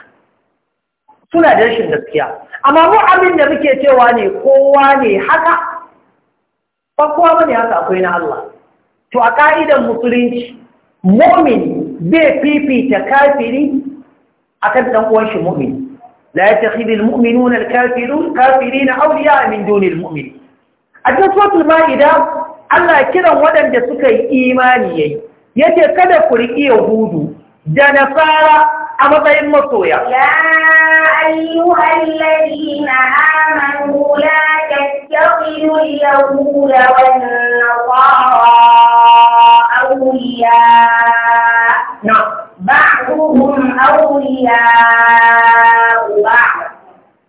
suna da rashin gaskiya amma mu abin da muke cewa ne kowa ne haka ba kowa ba ne haka akwai na Allah to a ƙa'idan musulunci mumin zai fifita kafiri a kan ɗan mumin لا يتخذ المؤمنون الكافرون كافرين أولياء من دون المؤمن أجلسوات المائدة الله كده ودن جسوك إيماني يتي كده يهود جنسارة أما طيب مصوية يا أيها الذين آمنوا لا تتخذوا اليهود والنصارى أولياء نعم بعضهم أولياء بعض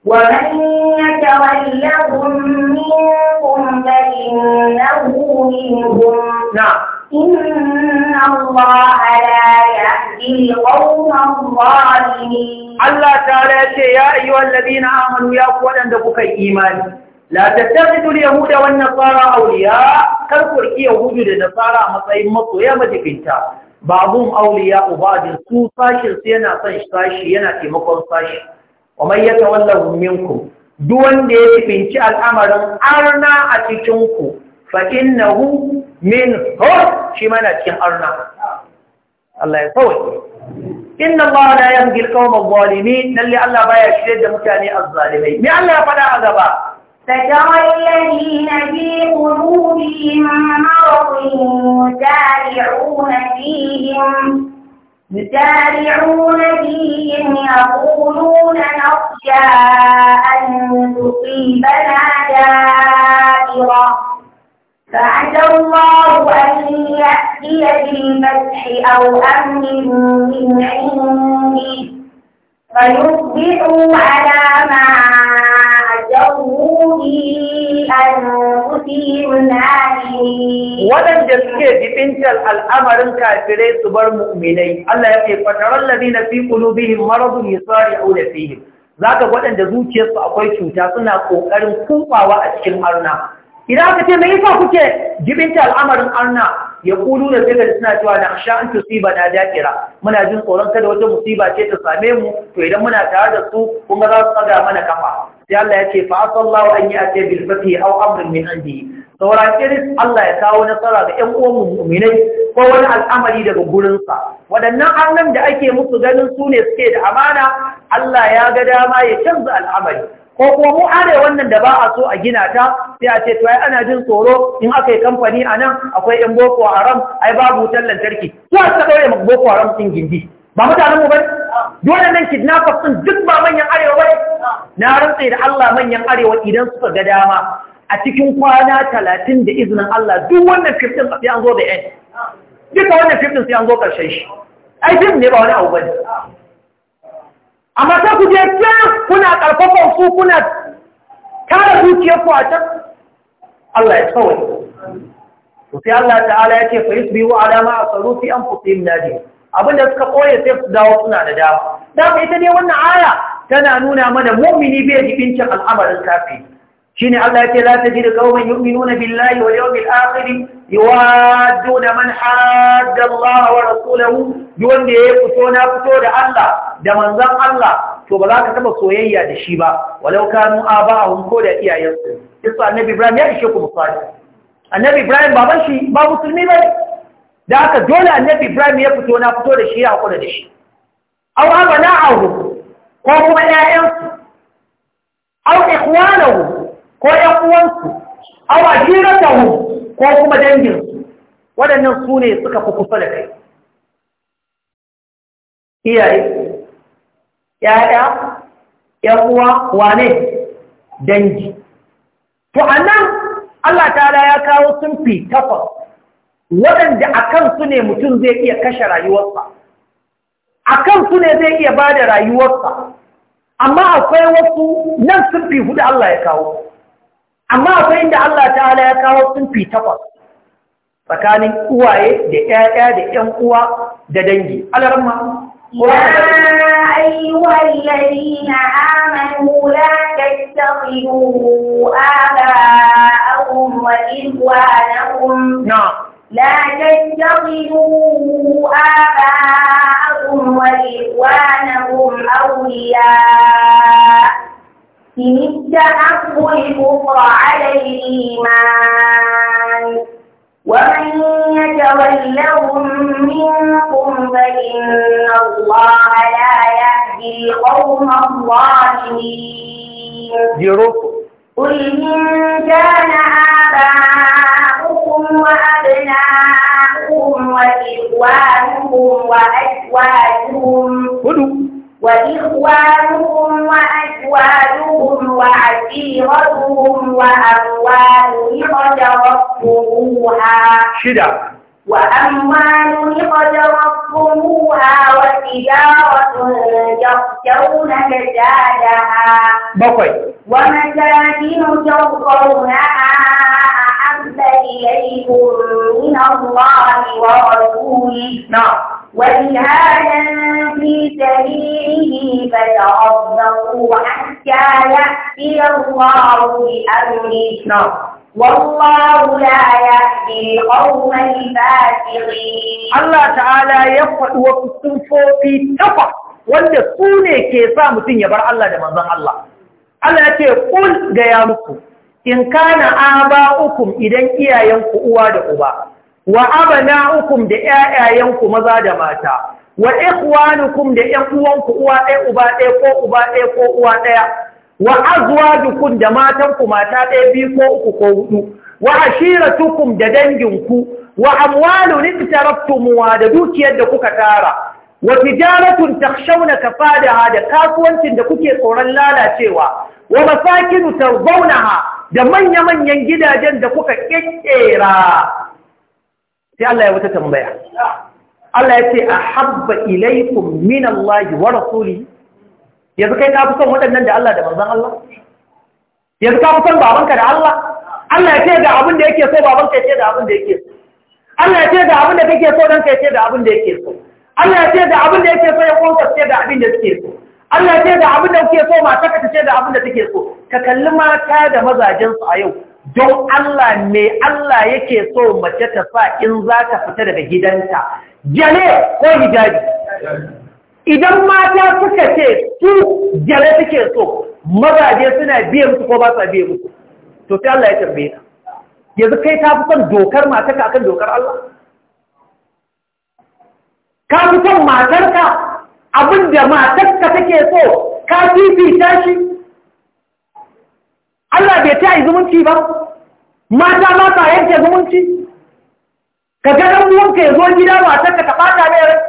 ومن يتولهم منكم فإنه منهم نعم إن الله لا يهدي القوم الظالمين الله تعالى يا أيها الذين آمنوا يا أخوانا دبك الإيمان لا تتخذوا اليهود والنصارى أولياء كالكركي يهود النصارى مصير مصر يا مجفنتا babun awliya'u ba'd su sashin su yana son sashi yana taimakon sashi wa man yatawallahu minkum duk wanda ya tibinci al'amarin arna a cikin ku hu min minhu shi mana cikin arna Allah ya sauke inna Allah la yahdi al-qawma adh lalle Allah baya shirye da mutane adh me Allah ya fada a gaba فترى الذين في قلوبهم مرض يسارعون فيهم يسارعون فيهم يقولون نخشى أن تصيبنا دائرة فعسى الله أن يأتي بالفتح أو أمن من عنده فيصبحوا على ما Waɗanda suke jibincin al’amarin kafirai su bar mu’uminai, Allah ya ce, Fataron ladina fi kulubihin marabun yisari a wulafihin, za ka waɗanda zuciyarsu akwai cuta suna ƙoƙarin kumfawa a cikin harna. idan aka ce me yasa kuke jibinta al'amarin arna ya kulu da sai da suna cewa na sha an tusiba na dakira muna jin tsoron kada wata musiba ce ta same mu to idan muna tare da su kuma za su tsaga mana kafa sai Allah ya ce fa asallahu an yi ate bil fati aw amrin min indi sauran iris Allah ya kawo nasara ga ƴan uwan mu mu'minai ko wani al'amari daga gurin sa waɗannan annan da ake musu ganin su ne suke da amana Allah ya ga dama ya canza al'amari ko kuma mu are wannan da ba a so a gina ta sai a ce to ai ana jin tsoro in aka yi kamfani a nan akwai yan boko haram ai babu wutar lantarki to a ta ɗaure boko haram din gindi ba mutanen mu bane dole nan kidnappers sun duk ba manyan arewa bane na rantsa da Allah manyan arewa idan suka ga dama a cikin kwana talatin da izinin Allah duk wannan fim sai an zo da end duka wannan fim sai an zo karshen shi ai fim ne ba wani abu bane amma ta ku je can kafafan su kuna tara dukiyar ku a can Allah ya tsawai sai Allah ta'ala ya ce fa yusbihu ala ma asaru fi anfusihim abin da suka koye sai su dawo suna da dama dama ita ne wannan aya tana nuna mana mu'mini bai jibincin al'amarin kafiri shine Allah ya ce la tajidu qauman yu'minuna billahi wal yawmil akhir يوادون من حاد الله ورسوله دون ده يفتونا فتونا الله ده منظم الله to ba za ka taba soyayya da shi ba walau kanu aba'ahum ko da iyayensu kisa annabi Ibrahim ya ishe ku misali annabi Ibrahim ba musulmi ba da aka dole annabi Ibrahim ya fito na fito da shi ya hakura da shi aw abana ahu ko kuma iyayensu aw ikhwanahu ko ƴan uwansu aw ajiratahu ko kuma danginsu waɗannan su ne suka fi kusa da kai iyaye ‘ya'ya ‘yan'uwa wane dangi to a nan Allah ta ya kawo sun fi takwas waɗanda a kansu ne mutum zai iya kashe rayuwarsa a kansu ne zai iya ba da rayuwarsa amma akwai wasu nan sun fi hudu Allah ya kawo amma akwai inda Allah ta'ala ya kawo sunfi takwas tsakanin uwaye da ƴaƴa da ƴan uwa da dangi alarma يا أيها الذين آمنوا لا تتخذوا آباءهم وإخوانهم نعم لا تتخذوا آباءهم وإخوانهم أولياء إن استحبوا الكفر على الإيمان ومن يتولهم منكم فإن الله لا يهدي القوم الظالمين قل إن كان آباؤكم وأبناؤكم وإخوانكم وأزواجهم وإخوانهم وأزواجهم وعشيرتهم وأموال اقترفتموها شدة وأموال اقترفتموها وتجارة تخشون كسادها بقي ومساكن ترضونها Allah ta'ala ya faɗi wasu sufofi wanda su ne ke sa mutum ya bar Allah da manzan Allah. Allah ya ce, "Kul ga ya muku, in kana aba'ukum idan iyayenku uwa da uba wa abana'ukum da ƴaƴayenku maza da mata wa ikhwanukum da 'yan uwanku uwa ɗaya uba ɗaya ko uba ɗaya ko uwa ɗaya wa azwajukum da matanku mata ɗaya biyu ko uku ko hudu wa ashiratukum da danginku wa amwalun iktaraftumuha da dukiyar da kuka tara wa tijaratun takhshawna kafadaha da kasuwancin da kuke tsoron lalacewa wa masakinu tarzawnaha da manya-manyan gidajen da kuka ƙirƙera sai Allah ya wata tambaya Allah ya ce a habba ilaikun minan Allah wa rasuli yanzu kai ka fi son waɗannan da Allah da manzon Allah yanzu ka fi son babanka da Allah Allah ya ce ga abin da yake so babanka ya ce da abin da yake so Allah ya ce ga abin da kake so don ka ya ce da abin da yake so Allah ya ce ga abin da yake so ya kwanka ce da abin da suke so Allah ce da abin da kuke so mata ka ce da abin da take so ka kalli mata da mazajensu a yau don Allah ne Allah yake so mace ta sa in za ta fita daga gidanta jale ko hijabi idan mata suka ce su jale suke so mazaje suna biye musu ko ba sa biye musu to sai Allah ya tambaye ka yanzu kai ta fi son dokar ka akan dokar Allah ka fi son matarka abin da matarka take so ka fifita shi Allah bai ta yi zumunci ba mata ma ka yanke zumunci ka ga dan ka ya zo gida matarka ka bata mai rai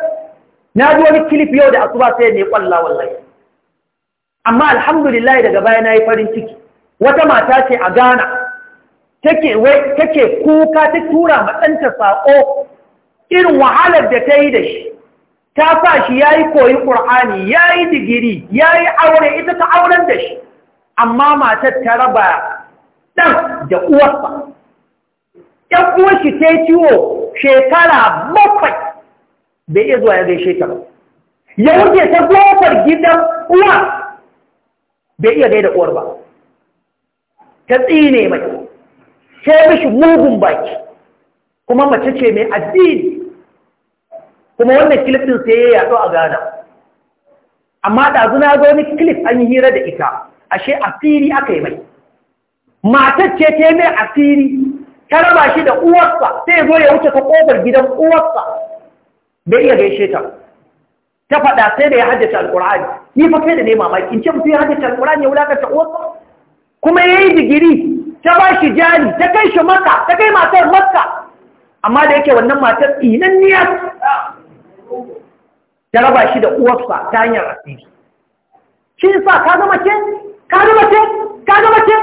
na ji wani kilif yau da asuba sai ne kwalla wallahi amma alhamdulillah daga baya na yi farin ciki wata mata ce a Ghana take kuka ta tura matsanta saƙo irin wahalar da ta yi da shi ta sa shi ya yi koyi ƙur'ani ya yi digiri ya yi aure ita ta auren da shi amma matar ta raba ɗan da uwarsa ɗan uwar shi ta ciwo shekara bakwai bai iya zuwa ya zai ta ba ya wuce ta gofar gidan uwa bai iya gaida uwar ba ta tsine mai ta mishi mugun baki kuma mace ce mai addini kuma wannan clip din sai ya yaɗo a gana amma da zuna zo wani clip an yi hira da ita ashe asiri aka yi mai matar ce ta mai asiri ta raba shi da uwarsa sai zo ya wuce ta kofar gidan uwarsa bai iya gaishe ta ta faɗa sai da ya haddace alƙur'ani ni fa kai da ne mamaki in ce mutum ya haddace alƙur'ani ya wulakanta uwarsa kuma ya yi digiri ta ba shi jari ta kai shi maka ta kai matar maka amma da yake wannan matar niyar. ta raba shi da uwarsa ta hanyar asiri shi sa ka zama ce ka zama ce ka zama ce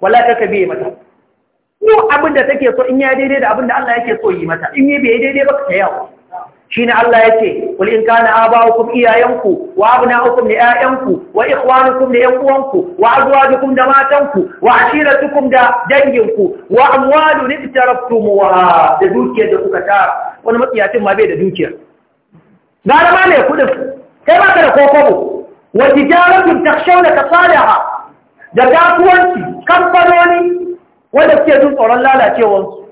wala ka biye mata ko abin da take so in ya daidai da abin da Allah yake so yi mata in yi bai daidai ba ka yawo shine Allah yake wal in kana aba'ukum iyayenku, wa abna'ukum da iyayanku wa ikhwanukum da yan'uwanku wa azwajukum da matanku wa ashiratukum da danginku wa amwalun ibtaraftumuha da dukiyar da kuka tara wani matsiyacin ma bai da dukiyar gara ma mai kudin kai ba ka da kokobo wa tijaratun takshawna kasalaha da kasuwanci kamfanoni wanda suke jin tsoron lalacewarsu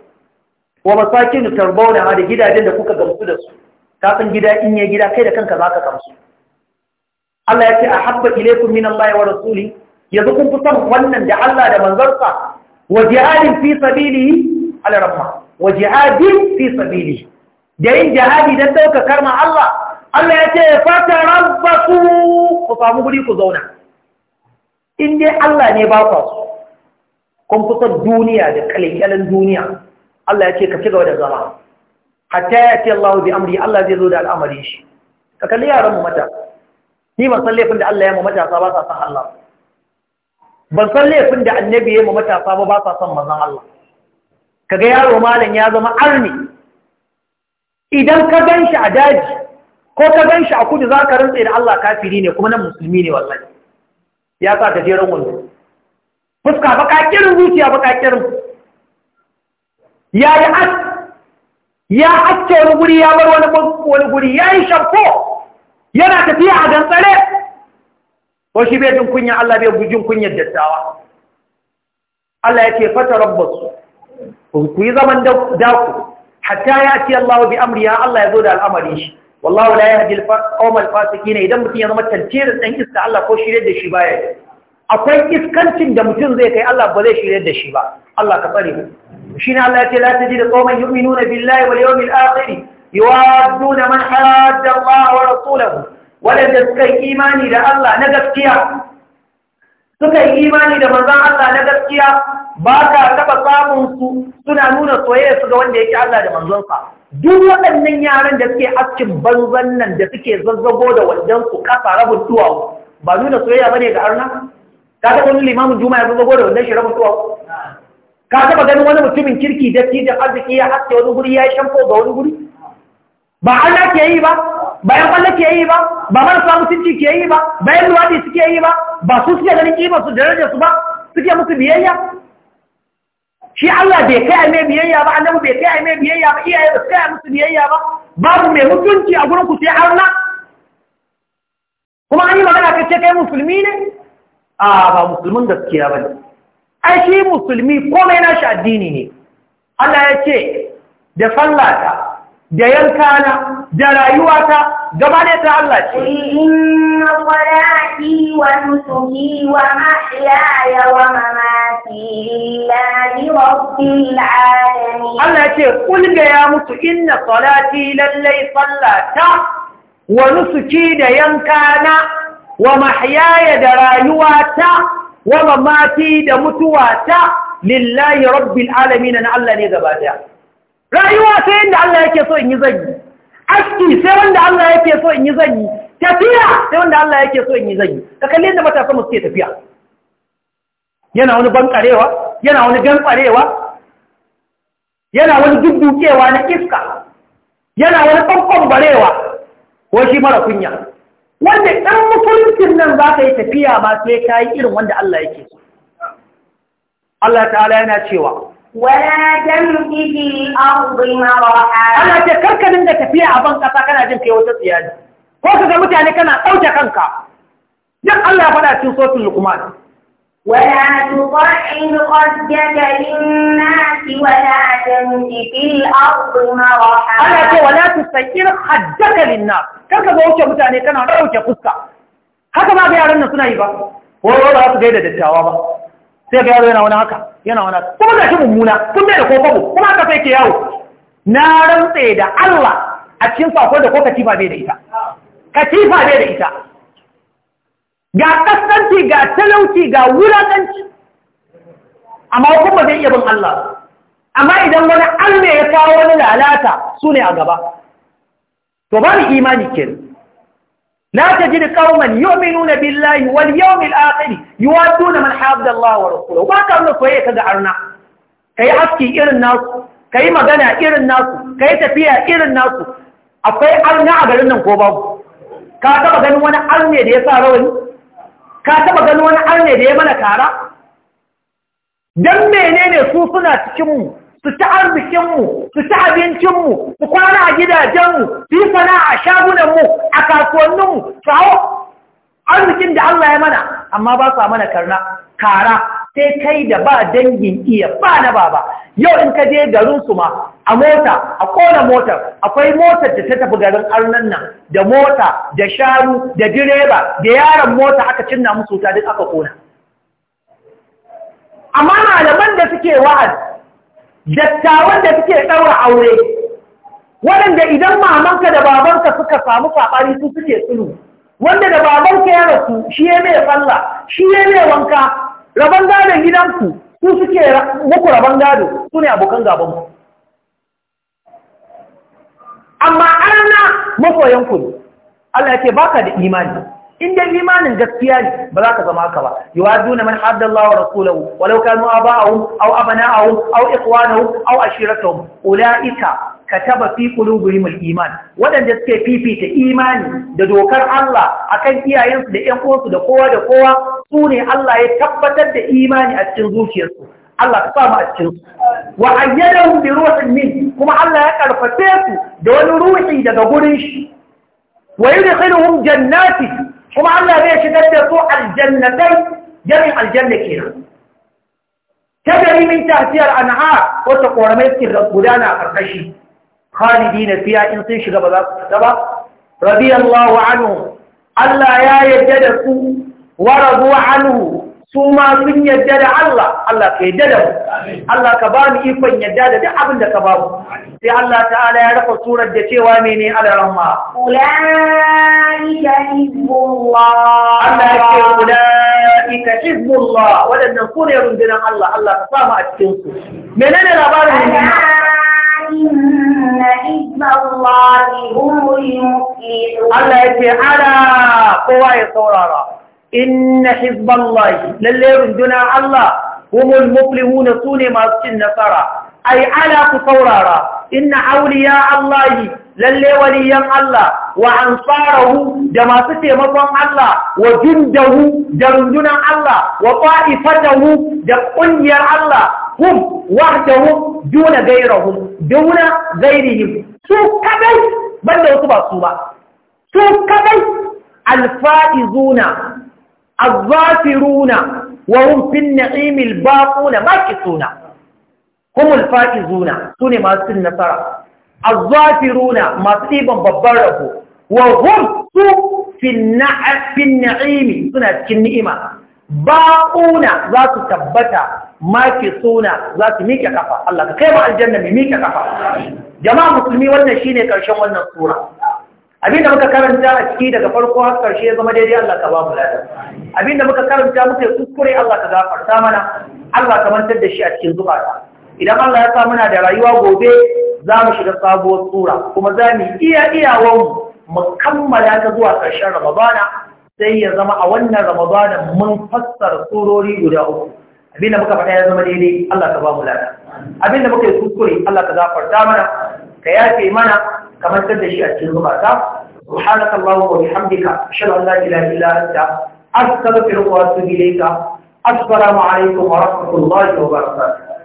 wa masakin tarbauna ma da gidajen da kuka gamsu da su kafin gida in ya gida kai da kanka za ka gamsu Allah ya ce a habba ilekun min Allah wa rasuli yanzu kun fi son wannan da Allah da manzarsa wa jihadin fi sabili ala wa jihadin fi sabili. da yin jihadi don ɗaukakar ma Allah Allah ya ce fata rabbasu ku samu guri ku zauna in dai Allah ne ba ku kun kusa duniya da kalinkalin duniya Allah ya ce ka ci gaba da zama hatta ya ce Allah bi amri Allah zai zo da al'amarin shi ka kalli yaran mu mata ni ban san laifin da Allah ya mu matasa ba sa san Allah ban san laifin da annabi ya mu matasa ba ba sa san mazan Allah Ka ga yaro malam ya zama arni idan ka gan shi a daji ko ka gan shi a kudu za ka rantsa da Allah kafiri ne kuma nan musulmi ne wallahi ya sa jeron wando fuska bakakirin zuciya bakakirin ya yi as ya hacce wani guri ya bar wani wani guri ya yi shafo, yana tafiya a gantsare ko shi bai jin kunya Allah bai jin kunyar dattawa Allah ya ce fata rabbasu ku yi zaman daku hatta ya ce Allah bi ya Allah ya zo da al'amarin shi wallahu la yahdi al-qawma al idan mutum ya zama tantirin dan iska Allah ko shirye da shi baya akwai iskancin da mutum zai kai Allah ba zai shirye da shi ba Allah ka tsare mu shine Allah ya ce la tajid qawman yu'minuna billahi wal yawmil akhir yuwadduna man hadda Allah wa rasulahu wala da suka imani da Allah na gaskiya suka yi imani da manzan Allah na gaskiya ba ka taɓa samun su suna nuna soyayya su ga wanda yake Allah da manzonsa duk waɗannan yaran da suke askin banzan nan da suke zazzago da wajen su kasa rabin duwawu ba nuna soyayya ba ne ga arna ka taɓa wani limamin juma'a zazzago da wajen shi rabin duwawu ka taɓa ganin wani mutumin kirki da da arziki ya haske wani guri ya yi shamfo ga wani guri ba Allah ke yi ba bayan kwallo ke yi ba ba marasa mutunci ke yi ba bayan luwaɗi suke yi ba ba su suke ganin kima su daraja su ba suke musu biyayya shi Allah bai kai mai biyayya ba annabi bai kai mai biyayya ba iyaye ba kai musu biyayya ba babu mai mutunci a gurin ku sai harna kuma an yi magana ce kai musulmi ne a ba musulmin gaskiya ne. ai shi musulmi komai shi addini ne Allah ya ce da sallata da yankana da rayuwata gaba ne ta Allah ce inna salati wa nusuki wa mahyaya wa mamati lillahi rabbil alamin ce kul ya mutu inna salati lallai sallata wa nusuki da yankana wa mahyaya da rayuwata wa mamati da mutuwata lillahi rabbil alamin na Allah ne gaba daya rayuwa sai yadda Allah yake so in yi zagi aski sai wanda Allah yake so in yi zagi tafiya sai wanda Allah yake so in yi zagi ka kalli yadda matasa mu suke tafiya yana wani bankarewa yana wani gantsarewa yana wani dubbukewa na iska yana wani ɓanɓan barewa ko shi mara kunya wanda ɗan mutuncin nan za ka yi tafiya ba sai ka yi irin wanda Allah yake so Allah ta'ala yana cewa wala tamshi fil ardi maraha Allah ce karka dinga tafiya a ban kasa kana jin kai wata tsiyaji ko ka ga mutane kana ɗauke kanka duk Allah ya faɗa cikin na luqman ولا تطعن خدك للناس ولا تمش في الأرض مرحا أنا أقول ولا تسير خدك للناس كيف بوجه متعني كان روجه فسكا هكذا ما بيعلمنا su gaida dattawa ba. sai ga yaro yana wani haka yana wani haka kuma shi mummuna kun bai da kokobo kuma haka sai ke yawo na rantse da Allah a cikin sakon da ko katifa bai da ita katifa bai da ita ga kasanci ga talauci ga wulakanci amma ba zai iya bin Allah amma idan wani Allah ya kawo wani lalata su ne a gaba to babu imani kenan لا تجد قوما يؤمنون بالله واليوم الآخر يوادون من حافظ الله ورسوله ba ka nuna soyayya kaga arna kai aski irin nasu kai magana irin nasu kai tafiya irin nasu akwai arna a garin nan ko babu ka taba ganin wani arne da ya sa rawani ka taba ganin wani arne da ya mana kara dan menene su suna cikin su ci arzikinmu su ci abincinmu su kwana a gidajenmu su yi sana'a a shagunanmu a kasuwanninmu su hau arzikin da Allah ya mana amma ba su mana karna kara sai kai da ba dangin iya ba na baba yau in ka je garin ma a mota a kona motar akwai motar da ta tafi garin arnan nan da mota da sharu da direba da yaron mota aka cinna musu ta duk aka kona amma malaman da suke wa'azi dattawan da suke ɗaura aure waɗanda idan mamanka da babanka suka samu saɓari su suke tsulu wanda da babanka ya rasu shi ya mai falla shi ya mai wanka rabon gadon gidanku su suke muku rabon gado su ne abokan gabanku amma arna masoyanku ku, Allah ya ce baka da imani in dai imanin gaskiya ne ba za ka zama haka ba yuwaduna man haddallahu wa rasulahu walau kanu aba'ahum aw abana'ahum aw ikhwanahum aw ulaika kataba fi qulubihim iman Waɗanda suke fifita imani da dokar Allah akan iyayensu da ƴan uwansu da kowa da kowa su ne Allah ya tabbatar da imani a cikin zuciyarsu Allah ka samu a cikin su wa ayyadahum bi ruhin min kuma Allah ya karfafe su da wani ruhi daga gurin shi wa yudkhiluhum jannati? kuma Allah zai shigar da su aljannatai jamin aljanna kenan ta gari min tafiyar anha wata koramai suke gudana a karkashi na fiya in sun shiga ba za su fita ba radiyallahu anhu Allah ya yarda da su wa radu anhu su ma sun yadda da Allah, Allah ka yadda da mu, Allah ka ba mu ikon yadda da duk abin da ka ba mu. Sai Allah ta'ala ya rafa surar da cewa menene ala rahma. حزب الله أولئك حزب الله ولن نكون يرندنا الله الله من أنا إن حزب الله هم المفلحون الله على صورارا إن حزب الله للي يرندنا الله هم المفلحون سوني ما سن أي على قصورارا إن أولياء الله lalle waliyan Allah wa ansarahu da masu taimakon Allah wa jundahu da rundunan Allah wa qa'ifatahu da ƙungiyar Allah hum wahdahum duna gairahum duna gairihim su kadai banda wasu ba su ba su kadai alfa'izuna azzafiruna wa hum fi an-na'imil baquna makisuna humul fa'izuna sune masu nasara azzafiruna masu ɗiban babban rabo wa su fin na'imi suna cikin ni'ima ba'una za su tabbata mafi suna za su miƙe kafa Allah ka kai ma aljanna mai miƙe ƙafa. jama'a musulmi wannan ne ƙarshen wannan sura abinda muka karanta a ciki daga farko har ya zama daidai Allah ka ba mu abinda muka karanta muka kuskure Allah ka gafarta mana Allah ka mantar da shi a cikin zubata idan Allah ya sa muna da rayuwa gobe za mu shiga sabuwar tsura kuma za mu iya iyawan mu kammala ta zuwa ƙarshen ramadana sai ya zama a wannan ramadana mun fassara tsurori guda uku abin da muka faɗa ya zama daidai Allah ka ba mu lada abin da muka yi kuskure Allah ka gafarta mana ka yafe mana ka mantar da shi a cikin zubata سبحانك اللهم وبحمدك اشهد ان لا اله الا wa استغفرك